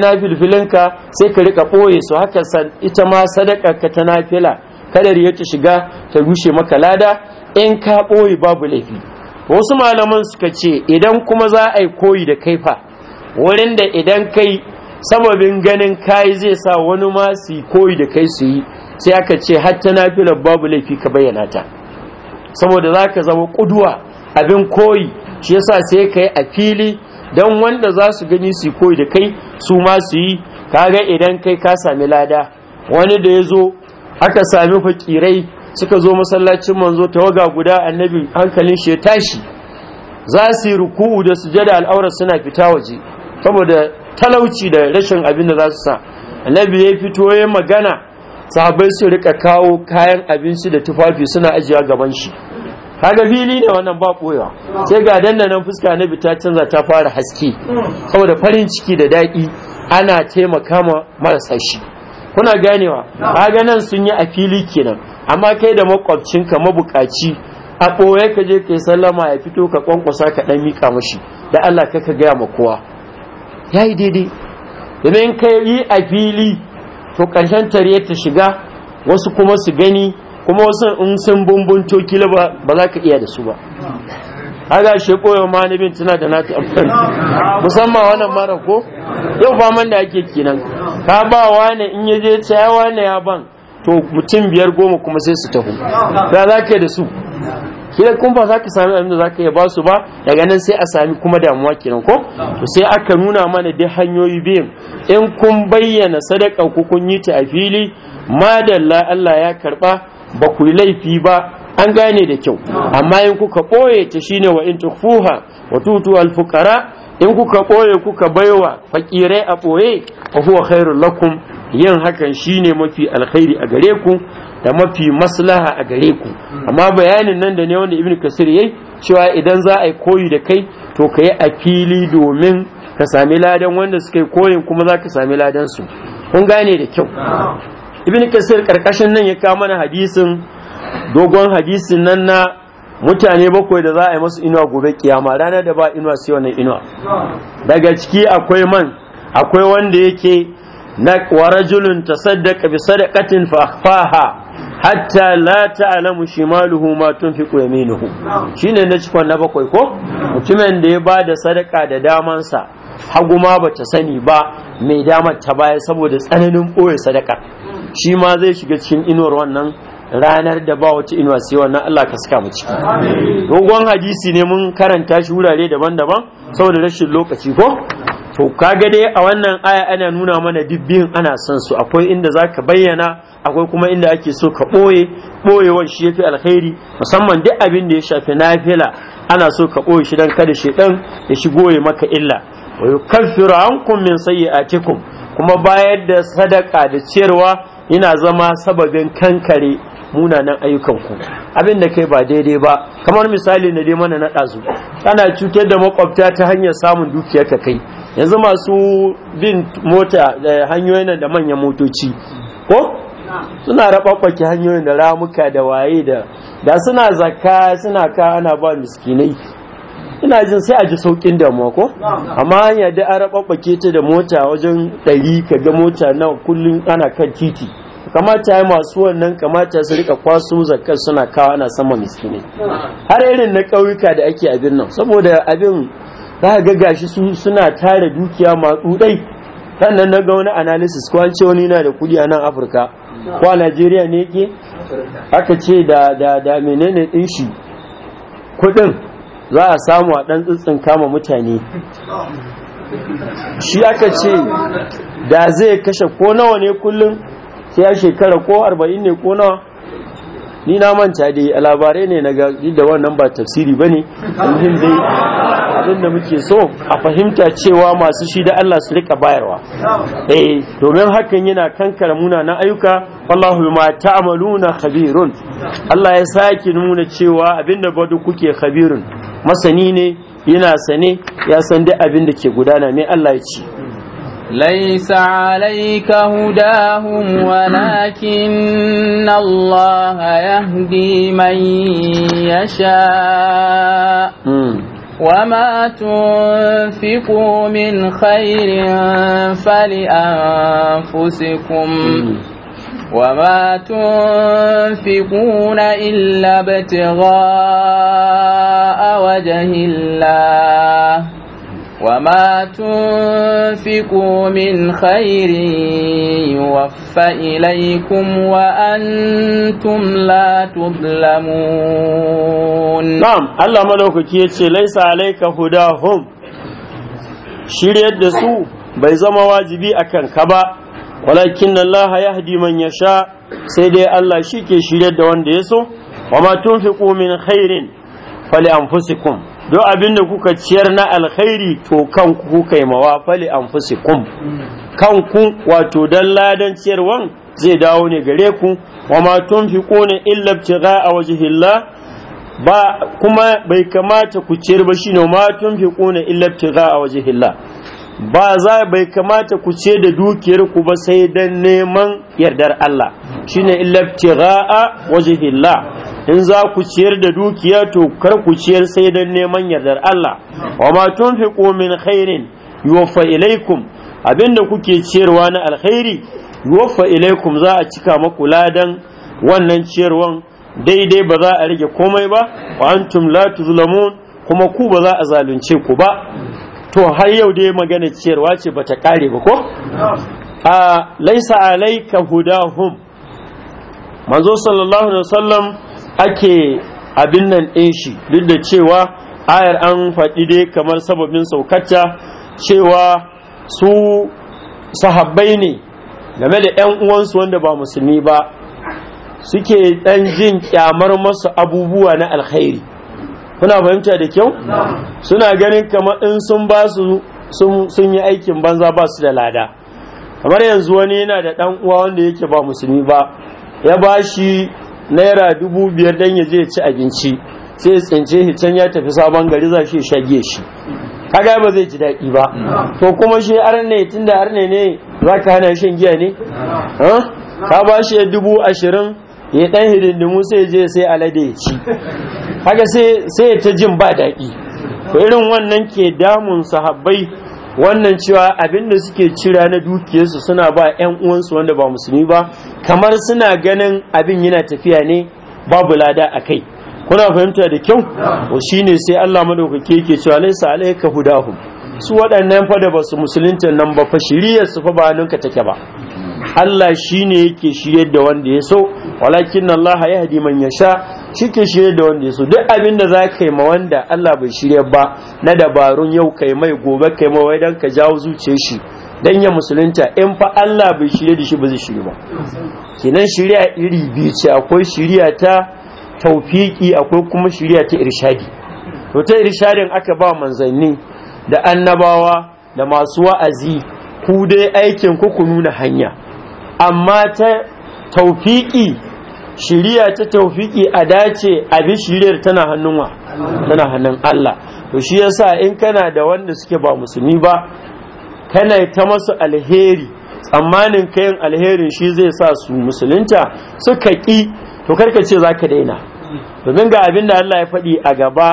ka sai ka rika ɓoye su haka ita ma sadaka ka ta nafila kadar ya ta shiga ta rushe maka lada in ka koyi babu laifi wasu malaman suka ce idan kuma za a yi koyi da kai fa wurin da idan kai sababin ganin kayi zai sa wani ma su koyi da kai su yi sai aka ce hatta na filar babu laifi ka bayyana ta saboda za ka zama kuduwa abin koyi shi yasa sai ka yi a fili don wanda za su gani su koyi da kai su ma su yi kaga idan kai ka sami lada wani da ya zo aka sami fakirai suka zo masallacin manzo tawaga guda annabi hankalin shi ya tashi za su yi ruku'u da sujada al'aura suna fita waje saboda talauci da rashin abin da za su sa annabi ya fito ya magana sahabbai su rika kawo kayan abinci da tufafi suna ajiya gaban shi kaga fili ne wannan ba boyewa sai ga dandanan fuska na ta canza ta fara haske saboda farin ciki da daɗi ana taimaka ma marasa shi kuna ganewa kaga nan sun yi a fili kenan amma kai da makwabcinka mabukaci a ɓoye ka je ka yi sallama ya fito ka kwankwasa ka ɗan miƙa mashi da Allah ka ka gaya ma kowa ya yi daidai domin ka yi a fili to ƙarshen tare ta shiga wasu kuma su gani kuma wasu in sun bumbunto kila ba za ka iya da su ba haga shi koyo ma da nata amfani musamman wannan mara ko yau faman da ake kenan ka ba wani in ya je ta ya ya ban to mutum biyar goma kuma sai su taho da za ka da su kila kuma ba za ka sami abin da za ka yi ba su ba daga nan sai a sami kuma damuwa kenan ko to sai aka nuna mana dai hanyoyi biyun in kun bayyana sadaka ku kun yi ta a fili madalla Allah ya karba ba ku yi laifi ba an gane da kyau amma in kuka ɓoye ta shine wa in tukfuha wa tutu alfukara in kuka ɓoye kuka baiwa fakirai a ɓoye fa huwa khairul lakum yin hakan shine mafi alkhairi a gare ku da mafi maslaha a gare ku amma bayanin nan da ne wanda ibn kasir yayi cewa idan za a yi koyi da kai to ka yi a fili domin ka sami ladan wanda suka yi koyin kuma za ka sami ladan su kun gane da kyau ibn kasir karkashin nan ya kawo mana hadisin dogon hadisin nan na mutane bakwai da za a yi masu inuwa gobe kiyama ranar da ba inuwa sai wannan inuwa daga ciki akwai man akwai wanda yake na wa rajulun tasaddaqa bi sadaqatin fa akhfaha hatta la ta'lamu shimaluhu ma tunfiqu yaminuhu shine na cikon na bakwai ko mutumin da ya bada sadaka da sa, hagu ma bata sani ba mai damar ta baya saboda tsananin boye sadaka shi ma zai shiga cikin inuwar wannan ranar da ba wata inuwa sai wannan Allah ka saka mu ciki dogon hadisi ne mun karanta shi wurare daban-daban saboda rashin lokaci ko to kaga dai a wannan aya ana nuna mana dubbin ana son su akwai inda za ka bayyana akwai kuma inda ake so ka ɓoye ɓoyewar shi yafi alkhairi musamman duk abin da ya shafi nafila ana so ka ɓoye shi dan kada shaidan ya shigo ya maka illa wa yukaffiru ankum min sayyi'atikum kuma bayar da sadaka da ciyarwa yana zama sababin kankare munanan ayyukan ku abin da kai ba daidai ba kamar misali na dai mana na ɗazu kana cutar da makwabta ta hanyar samun dukiyar ka kai yanzu masu bin mota da eh, hanyoyin da manyan motoci ko suna rababbake hanyoyin da ramuka da waye da da suna zakka suna ka ana ba miskinai ina jin sai a ji saukin damuwa ko amma hanya da an rababbake ta da mota wajen ɗari ka ga mota na kullum ana kan titi kamata ya masu wannan kamata su rika kwaso zakar suna kawo ana sama miskinai har irin na ƙauyuka da ake abin nan saboda abin za a ga gashi su suna tara dukiya masu dai sannan na ga wani analysis ko an ce wani yana da kudi a nan afirka ko a najeriya ne ke. aka ce da da da menene din shi kudin za a samu a dan tsitsin kama mutane shi aka ce da zai kashe ko nawa ne kullum sai a shekara ko arba'in ne ko nawa ni na manta dai a labarai ne na gaji da wannan ba tafsiri ba ne abin dai abin da muke so a fahimta cewa masu shi da Allah su rika bayarwa eh domin hakan yana kankara muna na ayyuka wallahu ma ta'maluna khabirun Allah ya saki nuna cewa abinda da badu kuke khabirun masani ne yana sane ya san dai abin da ke gudana mai Allah ya ci ليس عليك هداهم ولكن الله يهدي من يشاء وما تنفقوا من خير فلأنفسكم وما تنفقون إلا ابتغاء وجه الله وما تنفقوا من خير يوفى إليكم وأنتم لا تظلمون نعم الله ملوك كيتشي ليس عليك هداهم شريت دسو بيزما واجبي أكن كبا ولكن الله يهدي من يشاء سيدي الله شيكي شريت دوان ديسو وما تنفقوا من خير فلأنفسكم don abin da kuka ciyar na alkhairi to kan kuka yi mawafali an kum. kan ku wato dan ladan ciyarwan zai dawo ne gare ku wa ma tun fi tunfiquna illa ibtigha a wajhillah ba kuma bai kamata ku ciyar ba shine ma tun fi tunfiquna illa ibtigha a wajhillah ba za bai kamata ku ce da dukiyar ku ba sai dan neman yardar Allah shine a waje wajhillah in za ku ciyar da dukiya to kar ku ciyar sai don neman yardar Allah wa ma tunfiqu min khairin yuwaffa ilaykum abinda kuke ciyarwa na alkhairi yuwaffa ilaykum za a cika maku ladan wannan ciyarwan daidai ba za a rage komai ba wa antum la tuzlamun kuma ku ba za a zalunce ku ba to har yau dai magana ciyarwa ce bata kare ba ko a laisa alayka hudahum manzo sallallahu alaihi wasallam ake abin nan ɗin shi duk da cewa ayar an faɗi dai kamar sababin saukata cewa su sahabbai ne game da 'yan uwansu wanda ba musulmi ba suke ɗan jin kyamar masu abubuwa na alkhairi kuna fahimta da kyau suna ganin kamar in sun ba su sun yi aikin banza ba su da lada kamar yanzu wani yana da ɗan uwa wanda yake ba musulmi ba ya ba shi naira dubu biyar dan ya je ya ci abinci sai ya tsince shi can ya tafi sabon gari za shi shage shi kaga ba zai ji daɗi ba to kuma shi arne da arne ne za ka hana shan giya ne ka ba shi dubu ashirin ya dan hidindimu sai je sai alade ya ci kaga sai ya ta jin ba daɗi irin wannan ke damun sahabbai wannan cewa abin da suke cira na dukiyarsu suna ba 'yan uwansu wanda ba musulmi ba kamar suna ganin abin yana tafiya ne babu lada a kai kuna fahimta da kyau wa shine sai Allah madaukake yake cewa laisa alayka hudahum su waɗannan fa da ba su musulunta nan ba fa shiriyar su fa ba hannunka take ba Allah shine yake shiryar da wanda ya so walakin Allah ya hadi man yasha Cikin shirya da wanda ya so duk abin da za ka yi ma wanda Allah bai shirya ba na dabarun yau kai mai gobe kai mai wai dan ka jawo zuciyar shi dan ya musulunta in fa Allah bai shirya da shi ba zai shirya ba kinan shirya iri biyu ce akwai shirya ta taufiki akwai kuma shirya ta irshadi to ta irshadin aka ba manzanni da annabawa da masu wa'azi ku dai aikin ku ku nuna hanya amma ta taufiki shiriya ta taufiki a dace abin shiriyar tana hannun wa tana hannun Allah to shi yasa in kana da wanda suke ba musulmi ba kana ta masu alheri tsammanin kayan alherin shi zai sa su musulunta suka ƙi to karka ce zaka daina domin ga abin da Allah ya faɗi a gaba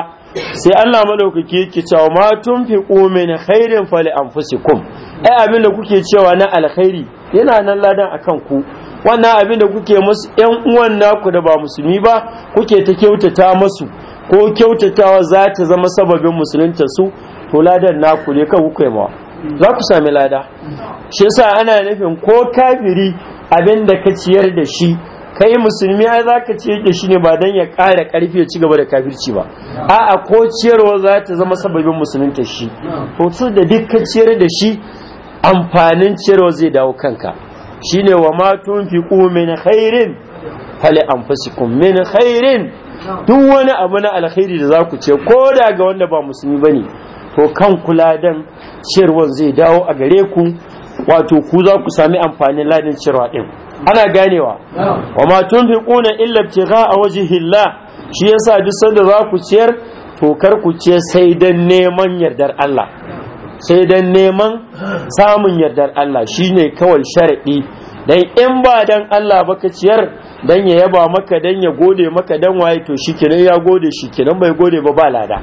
sai Allah madaukaki yake cewa ma tunfiqu min khairin fali anfusikum ai abin da kuke cewa na alkhairi yana nan ladan akan ku wannan abin da kuke musu yan uwan naku da ba musulmi ba kuke ta kyautata masu ko kyautatawa za ta zama sababin musulunta su to ladan naku ne kan kuka mawa za ku sami lada shi yasa ana nufin ko kafiri abin da ka ciyar da shi kai musulmi ai za ka ciyar da shi ne ba dan ya ƙara ƙarfi ya ci gaba da kafirci ba a'a ko ciyarwa za ta zama sababin musulunta shi to da duk ka ciyar da shi amfanin ciyarwa zai dawo kanka shine wa ma tunfiqu min khairin fali anfusikum min khairin duk wani abu na alkhairi da zaku ku ce ko da ga wanda ba musulmi bane to kan kula dan ciyarwan zai dawo a gare ku wato ku za ku sami amfanin ladin ciyarwa din ana ganewa wa ma tunfiquna illa ibtigha'a wajhillah shi yasa duk sanda za ku ciyar to kar ku ce sai dan neman yardar Allah sai dan neman samun yardar Allah shine kawai sharaɗi dan in ba dan Allah ba ka ciyar dan ya yaba maka dan ya gode maka dan waye to shi kenan ya gode shi kenan bai gode ba ba lada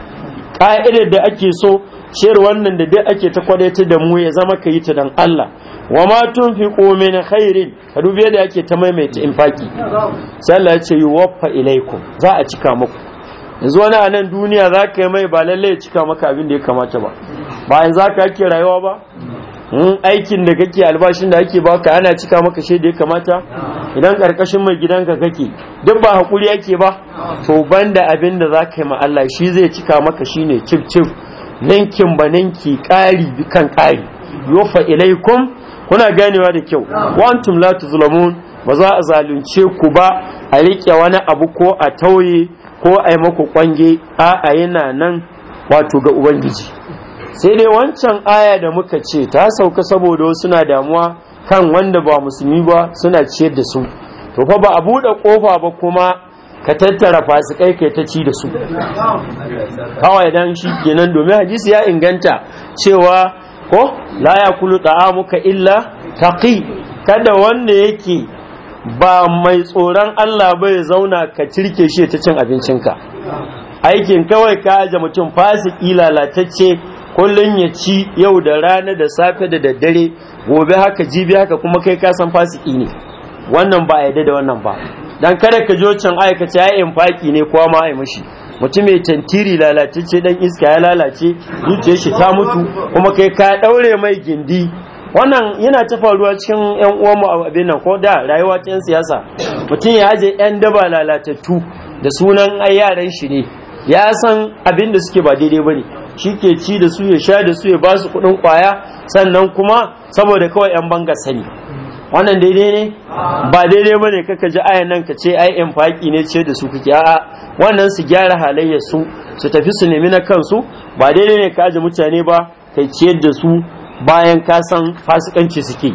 ka'idar da ake so shir wannan da dai ake ta kwadaita da mu ya zama ka yi ta dan Allah wa ma tunfiqu min khairin ka dubi yadda ake ta maimaita infaki sai Allah ya ce yuwaffa ilaikum za a cika muku yanzu wani a nan duniya za ka yi mai ba lallai ya cika maka abin da ya kamata ba ba yanzu haka ake rayuwa ba hmm, aikin da kake albashin da ake baka ana cika maka shi da ya kamata idan karkashin mai gidanka kake duk ba hakuri ake ba to banda abin da za ka yi ma Allah shi zai cika maka shine cif cif ninkin ba ninki ƙari kan kari yofa ilaikum kuna ganewa da kyau wantum la tuzlamun ba za a zalunce ku ba a riƙe wani abu ko a tauye ko a yi maku kwange a a yana nan wato ga ubangiji sai dai wancan aya da muka ce ta sauka saboda wasu na damuwa kan wanda ba musulmi ba suna ciyar da su to fa ba a buɗe ƙofa ba kuma ka tattara fasikai kai ta ci da su kawai dan shi kenan domin hadisi ya inganta cewa ko la ya kulu ta'amuka illa taqi kada wanda yake ba mai tsoron Allah ba ya zauna ka cirke shi ta cin abincinka aikin kawai ka aje mutum fasiki lalatacce Kullum ya ci yau da rana da safe da daddare gobe haka jibi haka kuma kai ka san fasiki ne wannan ba yadda da wannan ba dan kada ka jo can aikace ya faki ne kowa ma ai mishi mutum mai tantiri lalacece dan iska ya lalace zuciyar shi ta mutu kuma kai ka daure mai gindi wannan yana ta faruwa cikin yan uwanmu a abin nan ko da rayuwa ta yan siyasa mutum ya aje yan daba lalatattu da sunan ai yaran shi ne ya san abin da suke ba daidai bane shi ke ci da su ya sha da su ya ba su kuɗin kwaya sannan kuma saboda kawai 'yan banga sani wannan daidai ne ba daidai ba ne kaka ji ayan nan ka ce ai yan faƙi ne ce da su kuke a'a wannan su gyara halayyar su su tafi su nemi na kansu ba daidai ne ka ji mutane ba ka ciyar da su bayan ka san fasikanci suke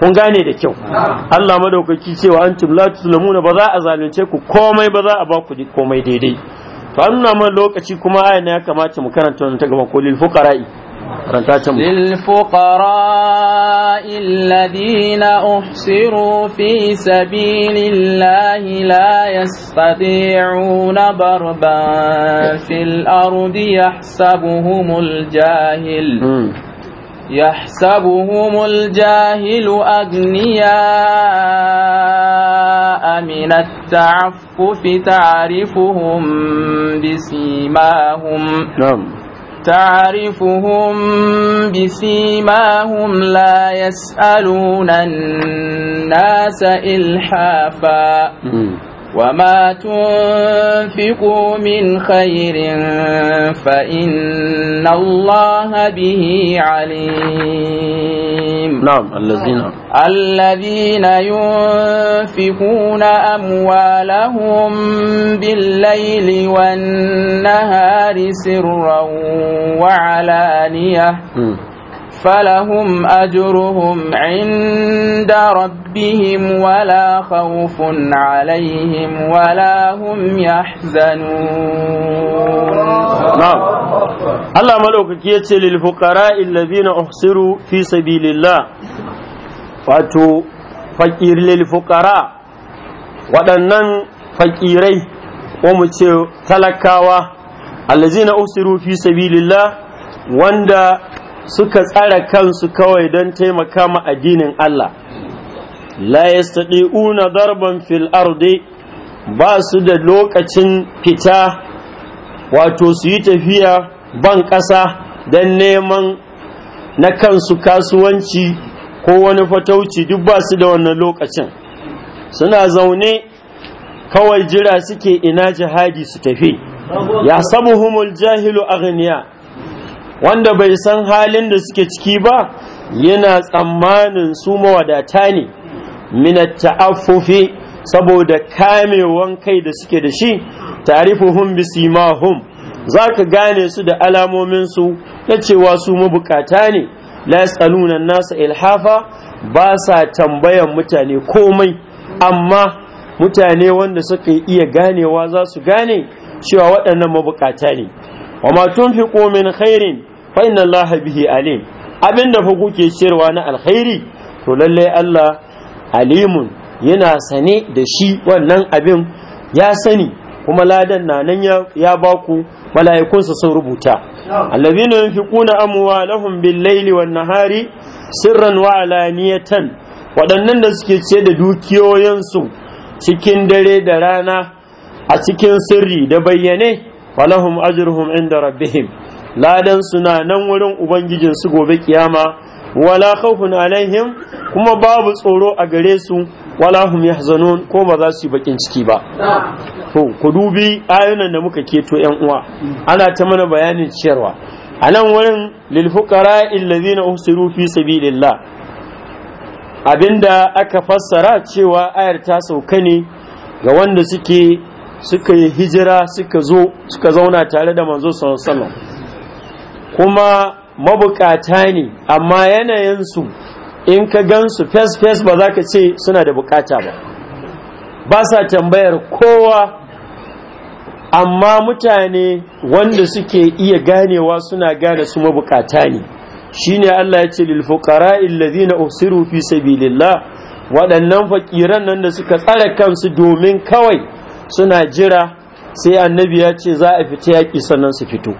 kun gane da kyau Allah madaukaki cewa antum la tuzlamuna ba za a zalunce ku komai ba za a ba ku komai daidai to an lokaci kuma aya ya kamata mu karanta wannan ta gaba ko lil fuqara'i karanta ta mu lil fuqara'i alladhina uhsiru fi sabilillahi la yastati'una barban fil ardi yahsabuhumul jahil hmm. يحسبهم الجاهل أغنياء من التعفف تعرفهم بسيماهم نعم تعرفهم بسيماهم لا يسألون الناس إلحافا وما تنفقوا من خير فإن الله به عليم نعم الذين الذين ينفقون أموالهم بالليل والنهار سرا وعلانية م. فلهم أجرهم عند ربهم ولا خوف عليهم ولا هم يحزنون نعم الله ملوك يتي للفقراء الذين أحصروا في سبيل الله فاتو فقير للفقراء waɗannan fakirai ko mu ce talakawa allazina usiru fi sabilillah wanda suka tsara kansu kawai don taimaka ma addinin Allah la yastadi'una darban fil ardi ba su da lokacin fita wato su yi tafiya ban ƙasa don neman na kansu kasuwanci ko wani fatauci duk ba su da wannan lokacin suna zaune kawai jira suke ina jihadi su tafi ya samuhumul jahilu aghniya wanda bai san halin da suke ciki ba yana tsammanin su mawadata ne minat ta'affufi saboda kamewan kai da suke da shi tarifuhum bisimahum zaka gane su da alamomin su na cewa su mabukata ne la yasaluna nasa ilhafa ba sa tambayan mutane komai amma mutane wanda suka iya ganewa za su gane cewa waɗannan mabukata ne wa ma tunfiqu min khairin fa inna allaha bihi alim abin da fa kuke cewa na alkhairi to lallai Allah alimun yana sane da shi wannan abin ya sani kuma ladan na nan ya baku mala'ikunsa sun rubuta allazina yunfiquna amwalahum bil-laili wan-nahari sirran wa alaniyatan waɗannan da suke ce da dukiyoyinsu cikin dare da rana a cikin sirri da bayyane falahum ajruhum inda rabbihim ladan suna nan wurin ubangijin su gobe kiyama wala khawfun alaihim kuma babu tsoro a gare su wala hum yahzanun ko ba za su yi bakin ciki ba to ku dubi ayunan da muka keto yan uwa ana ta mana bayanin ciyarwa a nan wurin lil fuqara alladhina usiru fi sabilillah abinda aka fassara cewa ayar ta sauka ne ga wanda suke suka yi hijira suka zo suka zauna tare da manzo sallallahu alaihi wasallam kuma mabukata ne amma yanayinsu in ka gansu fes fes ba za ka ce suna da bukata ba ba sa tambayar kowa amma mutane wanda suke iya ganewa suna gane su mabukata ne shine Allah ya ce lilfukara fuqara usiru fi sabilillah waɗannan fakiran nan da suka tsara kansu domin kawai suna jira sai annabi ya ce za a fita yaƙi sannan su fito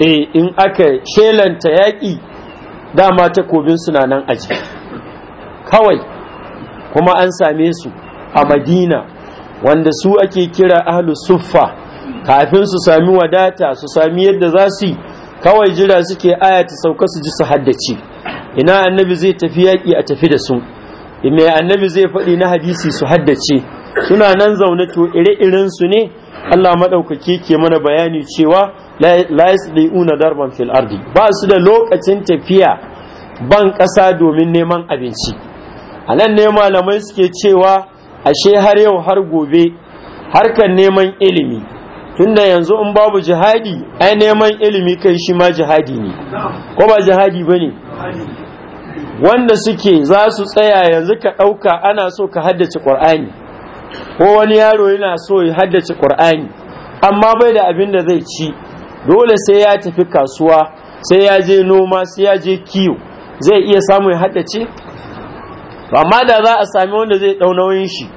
eh in aka shelanta yaƙi dama takobin suna nan aji kawai kuma an same su a madina wanda su ake kira ahlus suffa kafin su sami wadata su sami yadda za su yi kawai jira suke aya ta sauka su ji su haddace ina annabi zai tafi yaƙi a tafi da su mai annabi zai faɗi na hadisi su haddace suna nan zaune to ire-iren su ne Allah maɗaukaki ke mana bayani cewa la yasdiuna darban fil ardi ba su da lokacin tafiya ban ƙasa domin neman abinci a nan ne malamai suke cewa ashe har yau har gobe harkar neman ilimi tunda yanzu in babu jihadi ai neman ilimi kai shi ma jihadi ne ko ba jihadi ba ne wanda suke za su tsaya yanzu ka ɗauka ana so ka haddace ƙwar'ani ko wani yaro yana so ya haddace ƙwar'ani amma bai da abin da zai ci dole sai ya tafi kasuwa sai ya je noma sai ya je kiwo zai iya samun ya ce amma da za a sami wanda zai ɗau nauyin shi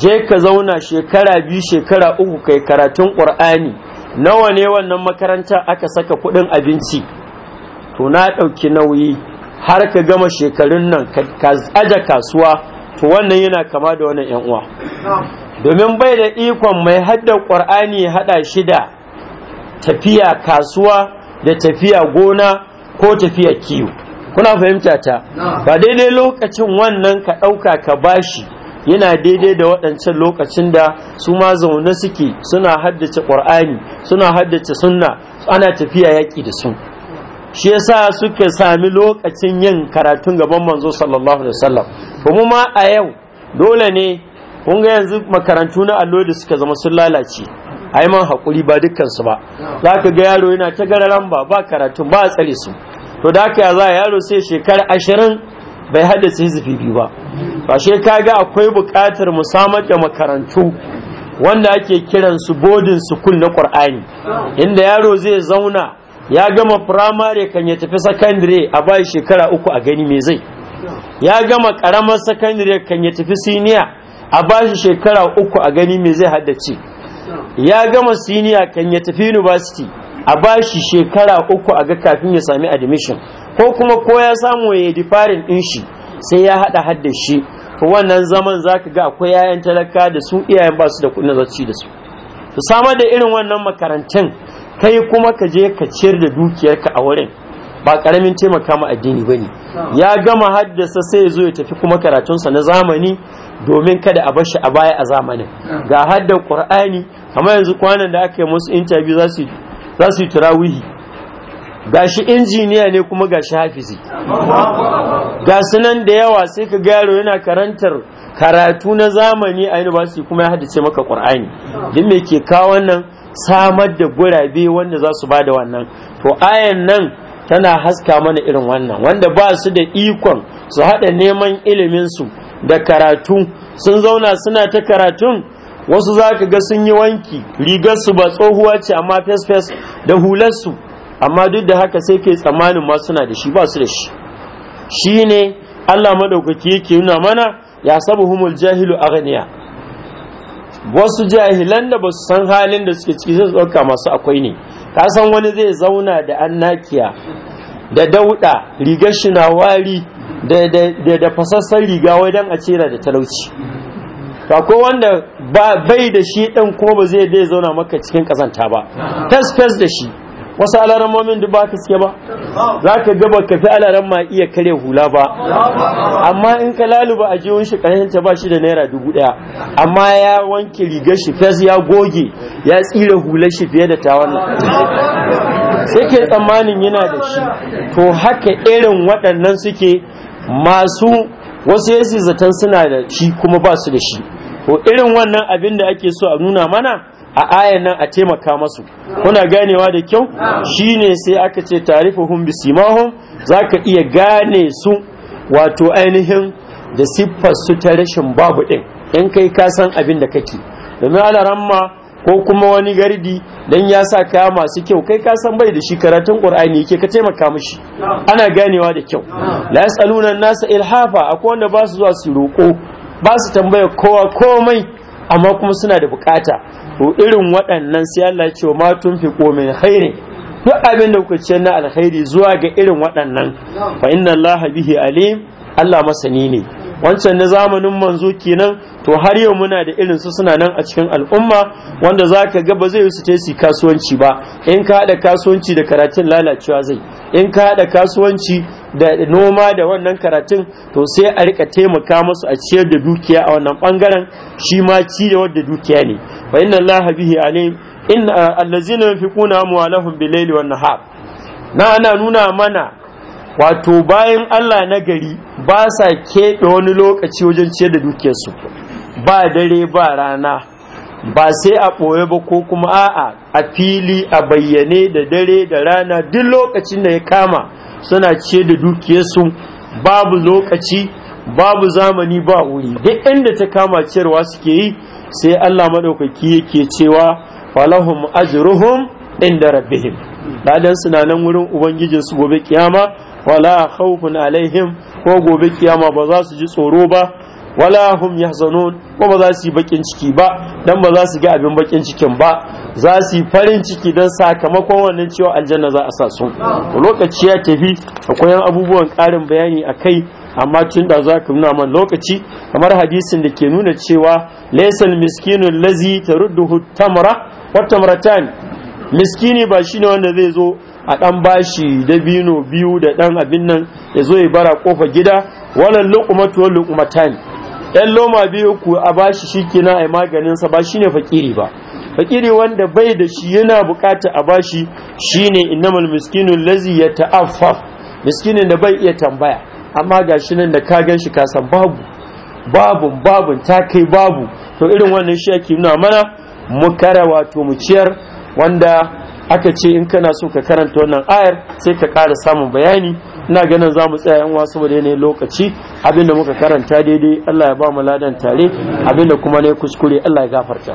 je ka zauna shekara biyu shekara uku kai karatun ƙur'ani nawa ne wannan makarantar aka saka kuɗin abinci to na ɗauki nauyi har ka gama shekarun nan ka aja kasuwa to wannan yana kama da wannan yan uwa domin bai da ikon mai hadda ƙur'ani ya haɗa shida tafiya kasuwa da tafiya gona ko tafiya kiwo kuna fahimta ta ba daidai lokacin wannan ka ɗauka ka bashi yana daidai da waɗancan lokacin da su ma zaune suke suna haddace ƙwar'ani suna haddace sunna ana tafiya yaƙi da su shi yasa suka sami lokacin yin karatun gaban manzo sallallahu alaihi wasallam kuma ma a yau dole ne kun ga yanzu makarantu na allo da suka zama sun lalace ai man hakuri ba dukkan su ba zaka ga yaro yana ta gararan ba ba karatu ba a tsare su to da haka za yaro sai shekara ashirin bai su hizbi biyu ba ba she ga akwai buƙatar mu samar da makarantu wanda ake kiran su bodin sukul na qur'ani inda yaro zai zauna ya gama firamare kan ya tafi sakandire a bai shekara uku a gani me zai ya gama karamar sakandire kan ya tafi siniya a bashi shekara uku a gani me zai haddace ya gama siniya kan ya tafi university a bashi shekara uku a ga kafin ya sami admission ko kuma ko ya samu ya yi farin din shi sai ya haɗa hadda shi wannan zaman zaka ga akwai yayan talaka da su iyayen ba su da kuɗin zaci da su to samar da irin wannan makarantun kai kuma ka je ka ciyar da dukiyarka a wurin ba karamin taimaka ma addini bane ya gama haddasa sai ya zo ya tafi kuma karatunsa na zamani domin kada a bar shi a baya a zamanin ga haddan qur'ani amma yanzu kwanan da aka yi musu interview za su za su tarawihi gashi injiniya ne kuma gashi hafizi ga sunan da yawa sai ka yaro yana karantar karatu na zamani a university kuma ya haddace maka qur'ani din me ke kawo wannan samar da gurabe wanda za su bada wannan to ayan nan tana haska mana irin wannan wanda ba su da ikon su haɗa neman iliminsu. su da karatu sun zauna suna ta karatun wasu za ka ga sun yi wanki rigar su ba tsohuwa ce amma fes-fes da hularsu amma duk da haka sai ke tsammanin ma suna da shi ba su da shi shi ne allah maɗaukaki yake nuna mana ya saba humul jahilu aghniya wasu jahilan da ba su san halin da suke ciki sai su masu akwai ne ka san wani zai zauna da annakiya da dauda rigar shi na wari da fasassar riga wai don a cera da talauci ko wanda bai da shi ɗin kuma ba zai dai zauna maka cikin kazanta ba fes da shi wasu alaran momin duk ba ka suke ba za ka gaba ka fi alaran ma iya kare hula ba amma in ka laluba a jiwon shi karhinta ba shi da naira dubu ɗaya amma ya wanke rigar shi fes ya goge ya tsira hular shi fiye da ta wannan suke tsammanin yana da shi to haka irin waɗannan suke masu wasu yasi zaton suna da shi kuma ba su da shi to irin wannan abin da ake so a nuna mana a ayan nan a taimaka masu kuna ganewa da kyau shine sai aka ce tarifuhum bisimahum zaka iya gane su wato ainihin da siffar su ta rashin babu ɗin in kai ka san abin da kake domin ala ramma ko kuma wani gardi dan ya sa kaya masu kyau kai ka san bai da shi karatun qur'ani yake ka taimaka mishi ana ganewa da kyau la yasaluna nasa ilhafa akwai wanda ba su zuwa su roko ba su tambaya kowa komai amma kuma suna da bukata to irin waɗannan sai Allah ya ce ma tunfiqo min khairin duk abin da kuka ce na alkhairi zuwa ga irin waɗannan fa inna Allah bihi alim Allah masani ne wancan na zamanin manzo kenan to har yau muna da irin su suna nan a cikin al'umma wanda za ka ga ba zai su tesi kasuwanci ba in ka haɗa kasuwanci da karatun lalacewa zai in ka haɗa kasuwanci da noma da wannan karatun to sai a rika taimaka musu a ciyar da dukiya a wannan bangaren shi ma ci da wadda dukiya ne fa inna allaha bihi alim in allazina yunfiquna amwalahum wan nahar na nuna mana wato bayan Allah na gari ba sa keɓe wani lokaci wajen ciyar da dukiyarsu ba dare ba rana ba sai a ɓoye ba ko kuma a'a a fili a bayyane da dare da rana duk lokacin da ya kama suna ce da dukiyarsu babu lokaci babu zamani ba wuri duk inda ta kama ciyarwa suke yi sai Allah maɗaukaki yake cewa falahum ajruhum inda rabbihim ladan suna nan wurin ubangijinsu gobe kiyama wala khawfun alaihim ko gobe kiyama ba za su ji tsoro ba wala hum yahzanun ko ba za su yi bakin ciki ba dan ba za su ga abin bakin cikin ba za su yi farin ciki dan sakamakon wannan cewa aljanna za a sa su lokaci ya tafi akwai abubuwan karin bayani akai amma tun da za ka nuna man lokaci kamar hadisin da ke nuna cewa laysal miskinu lazi tarudduhu tamra wa tamratan miskini ba shine wanda zai zo a ɗan bashi dabino biyu da ɗan abin nan ya zo ya bara kofa gida wala luqmatu wa lukumatan yan loma biyu ku a bashi shikenan a maganin sa ba shine fakiri ba fakiri wanda bai da shi yana bukata a bashi shine innamal miskinul lazi yata'affaf miskinin da bai iya tambaya amma gashi nan da ka gan shi ka babu babu babu ta kai babu to irin wannan shi ake nuna mana mu kara wato mu ciyar wanda aka ce in kana so ka karanta wannan ayar sai ka kara samun bayani ina ganin za mu tsaya wasu saboda yanayin lokaci abinda muka karanta daidai Allah ya ba mu ladan tare abinda kuma ne kuskure Allah ya gafarta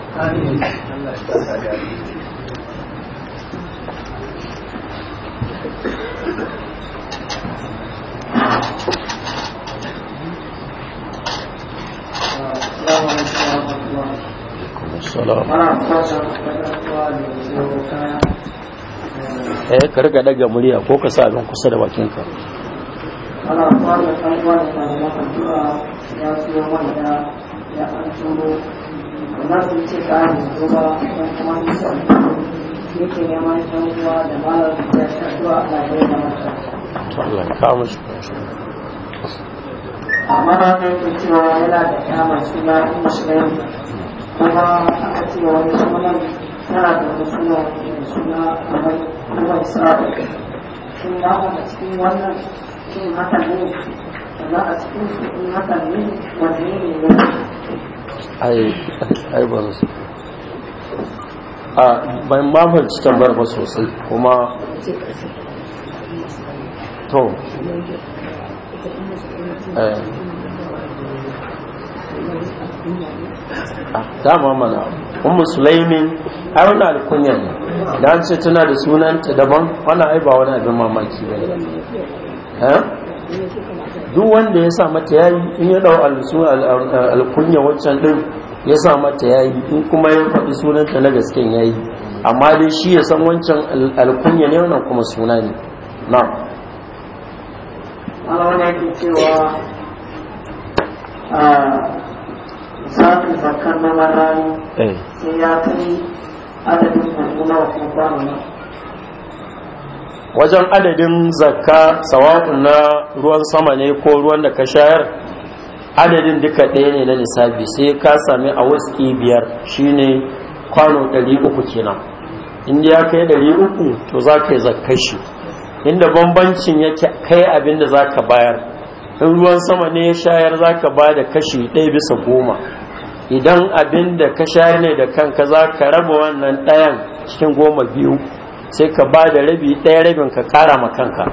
eh ka riga daga murya ko ka sa abin kusa da bakin ka ana fara san wani da ya su ya siyo wanda ya an tsoro na su ce ka ni ko ba kuma ni san yake neman san uwa da malar da ta addu'a Allah ya yi masa to Allah ka mu shi amma na kai cewa yana da kama shi in shi ne kuma a ce wani sunan tana da wani suna da suna kamar kuma isra'a ya hana cikin wannan haka ne sannan a cikin su in haka ne wanne ne ne ai ai ba su a bayan mafarci ba sosai kuma to eh Ah, dama mana umu sulaimin ai wani alkunya ne da an ce tana da sunanta daban wani ai ba wani abin mamaki ba eh? duk wanda ya sa mata yayi in ya dau alkunya waccan din ya sa mata yayi in kuma ya faɗi sunanta na gasken yayi amma dai shi ya san wancan alkunya ne wannan kuma suna ne na cewa ah, sai ya kai adadin ko wajen adadin zakka sawa'un na ruwan sama ne ko ruwan da ka shayar adadin duka ɗaya ne na lissafi sai ka sami a wasu biyar shine kwano 300 kenan inda ya kai 300 to za ka yi shi, inda bambancin ya kai abin da za ka bayar in ruwan sama ne ya shayar za ka ba da kashi ɗaya bisa goma idan abin da ka shayar ne da kanka za ka raba wannan ɗayan cikin goma biyu sai ka ba da rabi ɗaya rabin ka kara ma kanka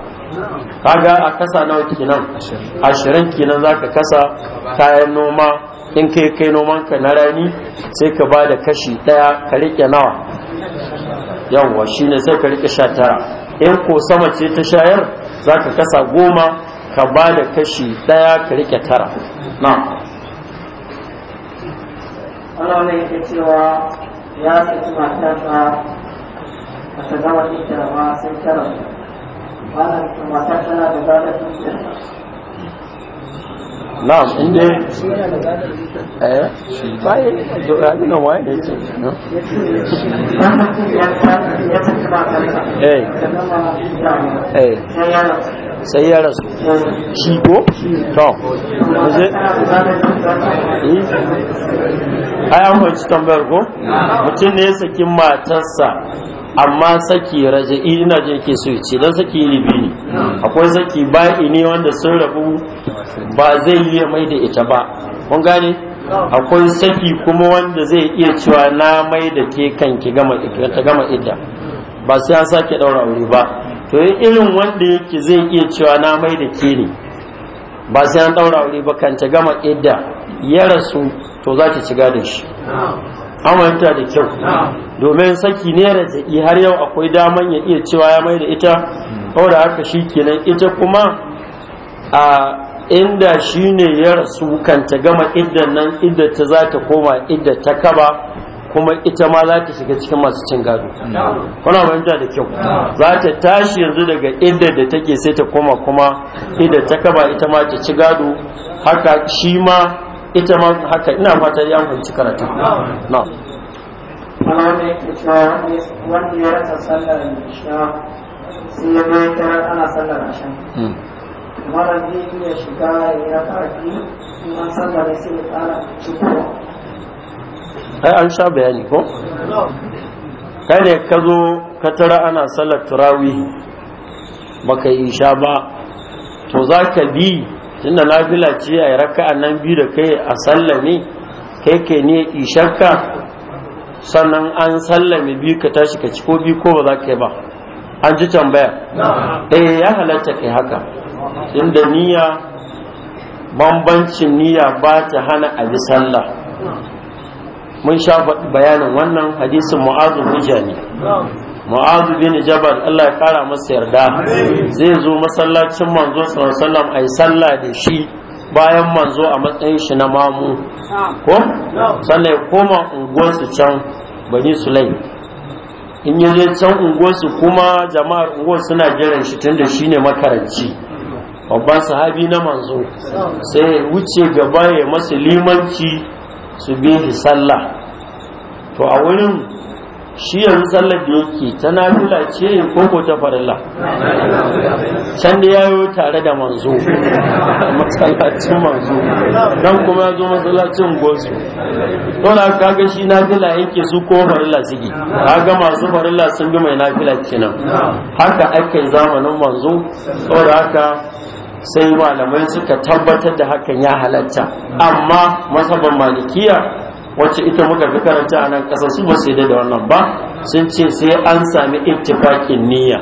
kaga a kasa nawa kenan ashirin kenan za ka kasa kayan noma in kai kai noman ka na rani sai ka ba da kashi ɗaya ka riƙe nawa shi shine sai ka riƙe sha tara in ko sama ce ta shayar za ka kasa goma ka ba da kashi ɗaya ka rike tara na Allah ne yake cewa ya saki matarsa a shiga wani kirama sai tara matar tana da zaɓar na'am inda eh bai da no eh eh sai ya rasu shi ko to eh ai tambayar ko mutum ne ya saki matarsa amma saki raja'i ina je ke so ce dan saki ne bi ne akwai saki ba'i ne wanda sun rabu ba zai iya mai da ita ba kun gane akwai saki kuma wanda zai iya cewa na mai da ke kanki gama ta gama ita ba sai an sake daura aure ba to irin wanda yake zai iya cewa na mai da ke ne ba sai an daura aure ba kan ta gama idda ya rasu to za ta ci gadon shi amanta da kyau domin saki ne razzaƙi har yau akwai daman ya iya cewa ya mai da ita da haka shi kenan ita kuma a inda shi ne ya rasu kanta gama iddan nan idda ta za ta koma idda ta kaba kuma ita ma za ta shiga cikin masu cin gado kuna manta da kyau za ta tashi yanzu daga idda da take sai ta koma kuma idda ta kaba ita ma ta ci gado haka shi ma ita ma haka ina fata ya fahimci karatu na Allah ne yake cewa wanda ya rasa sallar isha sai ya mai tarar ana sallar asha mara zai iya shiga ya ƙarfi in an sallar sai ya ƙara cikowa ai an sha bayani ko kai ne ka zo ka tara ana sallar turawi baka yi isha ba to za ka bi tunda na bila ce a raka'an nan biyu da kai a sallame kai ke ne ishakka sannan an sallami biyu ka tashi ka ci ko biyu ko ba za ka yi ba an ji tambaya eh ya halatta kai haka inda niyya bambancin niyya ba ta hana a bi sallah mun sha bayanin wannan hadisin mu'azu hujja ne mu'adu bin jabal Allah ya kara masa yarda zai zo masallacin manzo sallallahu alaihi ai sallah da shi bayan manzo a matsayin shi na mamu ko sannan ya koma su can bani sulai in ya je can su kuma jama'ar unguwar suna jiran shi tunda shi ne makaranci babban sahabi na manzo sai ya wuce gaba ya masu limanci su bi sallah to a wurin shi yanzu sallar da yake ta nafila ce ko ko ta farilla can da yayo tare da manzo masallacin manzo Don kuma ya zo masallacin gosu to na kaga shi nafila yake su ko farilla suke kaga masu farilla sun bi mai nafila kenan haka ake zamanin manzo saboda haka sai malamai suka tabbatar da hakan ya halatta amma masaban malikiya wacce ita muka fi karanta a nan kasar su ba su da wannan ba sun ce sai an sami ittifaƙin niyya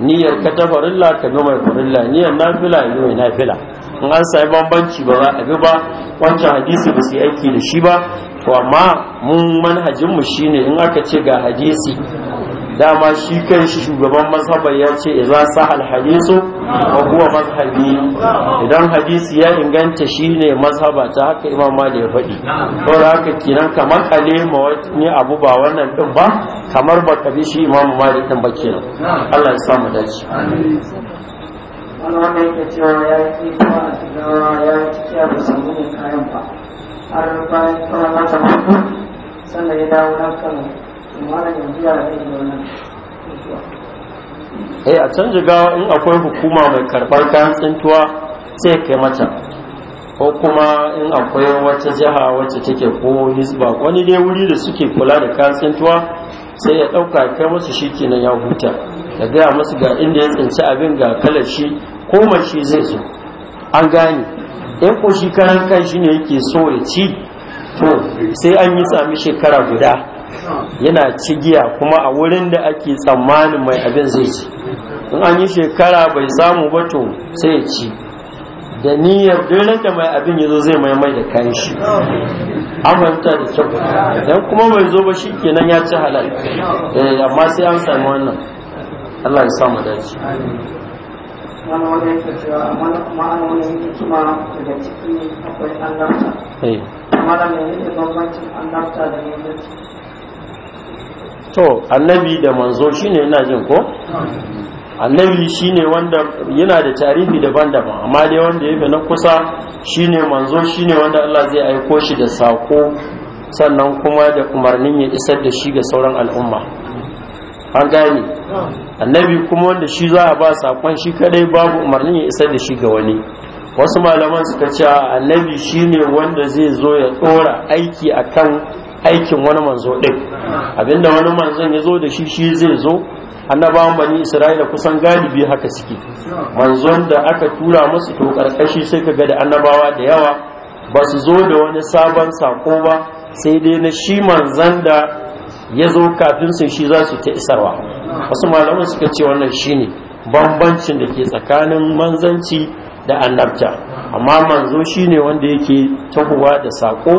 niyyar ka ta farilla ka bi mai farilla niyyar nafila ya bi mai nafila in an sami bambanci ba za a bi ba wancan hadisi ba su yi aiki da shi ba to amma mun manhajinmu shine in aka ce ga hadisi dama shi kan shi shugaban mazhaba ya ce za sahal hadisu wa huwa mazhabi idan hadisi ya inganta shi ne mazhaba ta haka imam mali ya faɗi saboda haka kenan kamar kale ma wani abu ba wannan din ba kamar ba kabi shi imam mali din ba kenan Allah ya sa mu dace amin wannan yake cewa ya yi a ya yi kayan ba har bayan kuma mata sannan ya dawo nan kan eh a canji gawa in akwai hukuma mai karɓar kayan tsintuwa sai kai mata ko kuma in akwai wata jiha wacce take ko hisba wani dai wuri da suke kula da kayan tsintuwa sai ya ɗauka kai musu shi kenan ya huta ya gaya musu ga inda ya tsinci abin ga kalar shi ko mace zai zo an gane in ko shi karan kan shi ne yake so ya ci to sai an yi tsami shekara guda yana cigiya kuma a wurin da ake tsammanin mai abin zai ci in an yi shekara bai samu bato sai ya ci da niyyar dole da mai abin ya zo zai mai mai da kayan shi an da kyau dan kuma bai zo ba shi kenan ya ci halal amma sai an sami wannan Allah ya sa mu dace wani wani yake cewa ma'anonin hikima daga ciki akwai annabta malam ne ne bambancin annabta da ne to annabi da manzo shine yana jin ko annabi shine wanda yana da tarihi daban-daban amma dai wanda ya na kusa shine manzo shine wanda Allah zai aiko shi da sako sannan kuma da umarnin ya isar da shi ga sauran al'umma an gane annabi kuma wanda shi za a ba sakon shi kadai babu umarnin ya isar da shi ga wani wasu malaman suka ce annabi shine wanda zai zo ya dora aiki akan aikin wani manzo ɗin abinda wani manzon ya zo da shi shi zai zo annabawan bani isra'ila kusan galibi haka suke manzon da aka tura musu to karkashi sai ka ga da annabawa da yawa ba su zo da wani sabon sako ba sai dai na shi manzon da ya zo kafin sai shi za su ta isarwa wasu malaman suka ce wannan shine bambancin da ke tsakanin manzanci da annabta amma manzo shine wanda yake tahowa da sako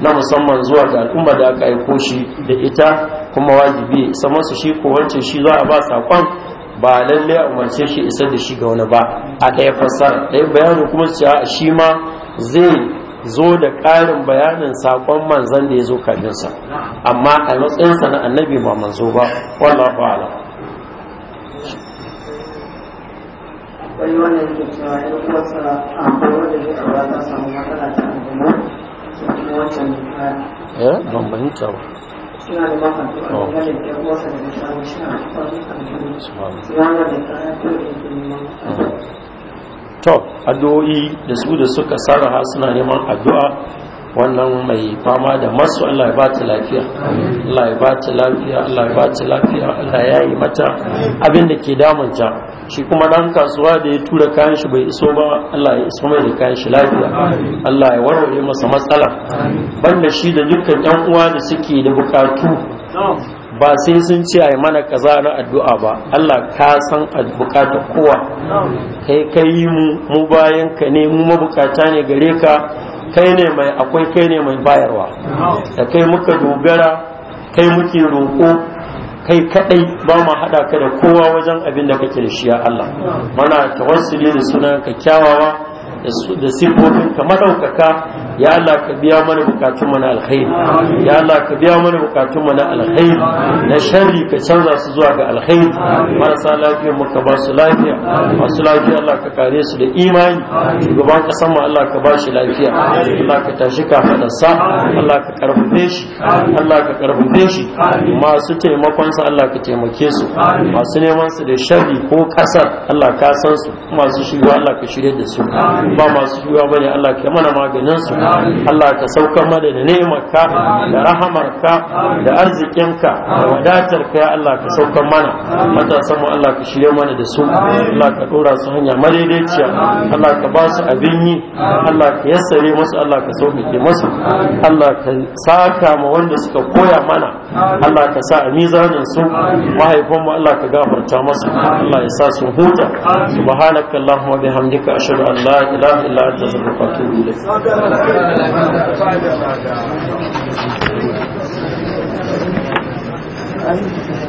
na musamman zuwa ga al'umma da aka aiko shi da ita kuma wajibi isa su shi ko wance shi za a ba sakon ba lalle a umarce shi isar da shi ga wani ba a ɗaya fasar. ɗaya bayanin kuma su cewa shi ma zai zo da ƙarin bayanin sakon manzan da ya zo kafinsa amma a matsayinsa na annabi ba manzo ba wallahu ala. wani wannan cewa a kowane da ya samu matsala ta eh ban fahimta ba oh. oh. to addu'o'i da su da suka sarraha suna neman addu'a wannan mai fama da masu Allah ya bata lafiya Allah ya bata lafiya Allah ya bata lafiya Allah ya yi mata abin da ke damunta shi kuma ɗan kasuwa da ya tura kayan shi bai iso ba Allah ya iso mai da kayan shi lafiya Allah ya warware masa matsala banda shi da dukkan ɗan uwa da suke da bukatu ba sai sun ce ai mana kaza na addu'a ba Allah ka san bukata kowa kai kai mu mu bayan ka ne mu mabukata ne gare ka kai ne mai akwai kai ne mai bayarwa da kai muka dogara kai muke roƙo kai kadai ba mu hada ka da kowa wajen abin da kake da shi ya Allah muna tawassuli da sunan ka da sifofin ka madaukaka ya Allah ka biya mana bukatun mu na alkhairi ya Allah ka biya mana bukatun na alkhairi na sharri ka canza su zuwa ga alkhairi marasa lafiya mu ka ba su lafiya masu lafiya Allah ka kare su da imani shugaban kasan mu Allah ka ba shi lafiya Allah ka tashi kafaɗa sa Allah ka karfafe shi Allah ka karfafe shi masu taimakon sa ka taimake su masu neman su da sharri ko kasar Allah ka san su ka da su ba masu shugaba bane Allah ka mana maganin su Allah ka sauka mana da nemarka da rahamarka da arzikinka da wadatarka ya Allah ka saukar mana matasan mu Allah ka shirye mana da su Allah ka dora su hanya madaidaiciya Allah ka ba su abin yi Allah ka yassare musu Allah ka sauke musu Allah ka saka ma wanda suka koya mana Allah ka sa a mizanin su mahaifan mu Allah ka gafarta masu Allah ya sa su huta subhanaka allahumma bihamdika ashhadu an la ilaha illa anta astaghfiruka wa atubu ilayk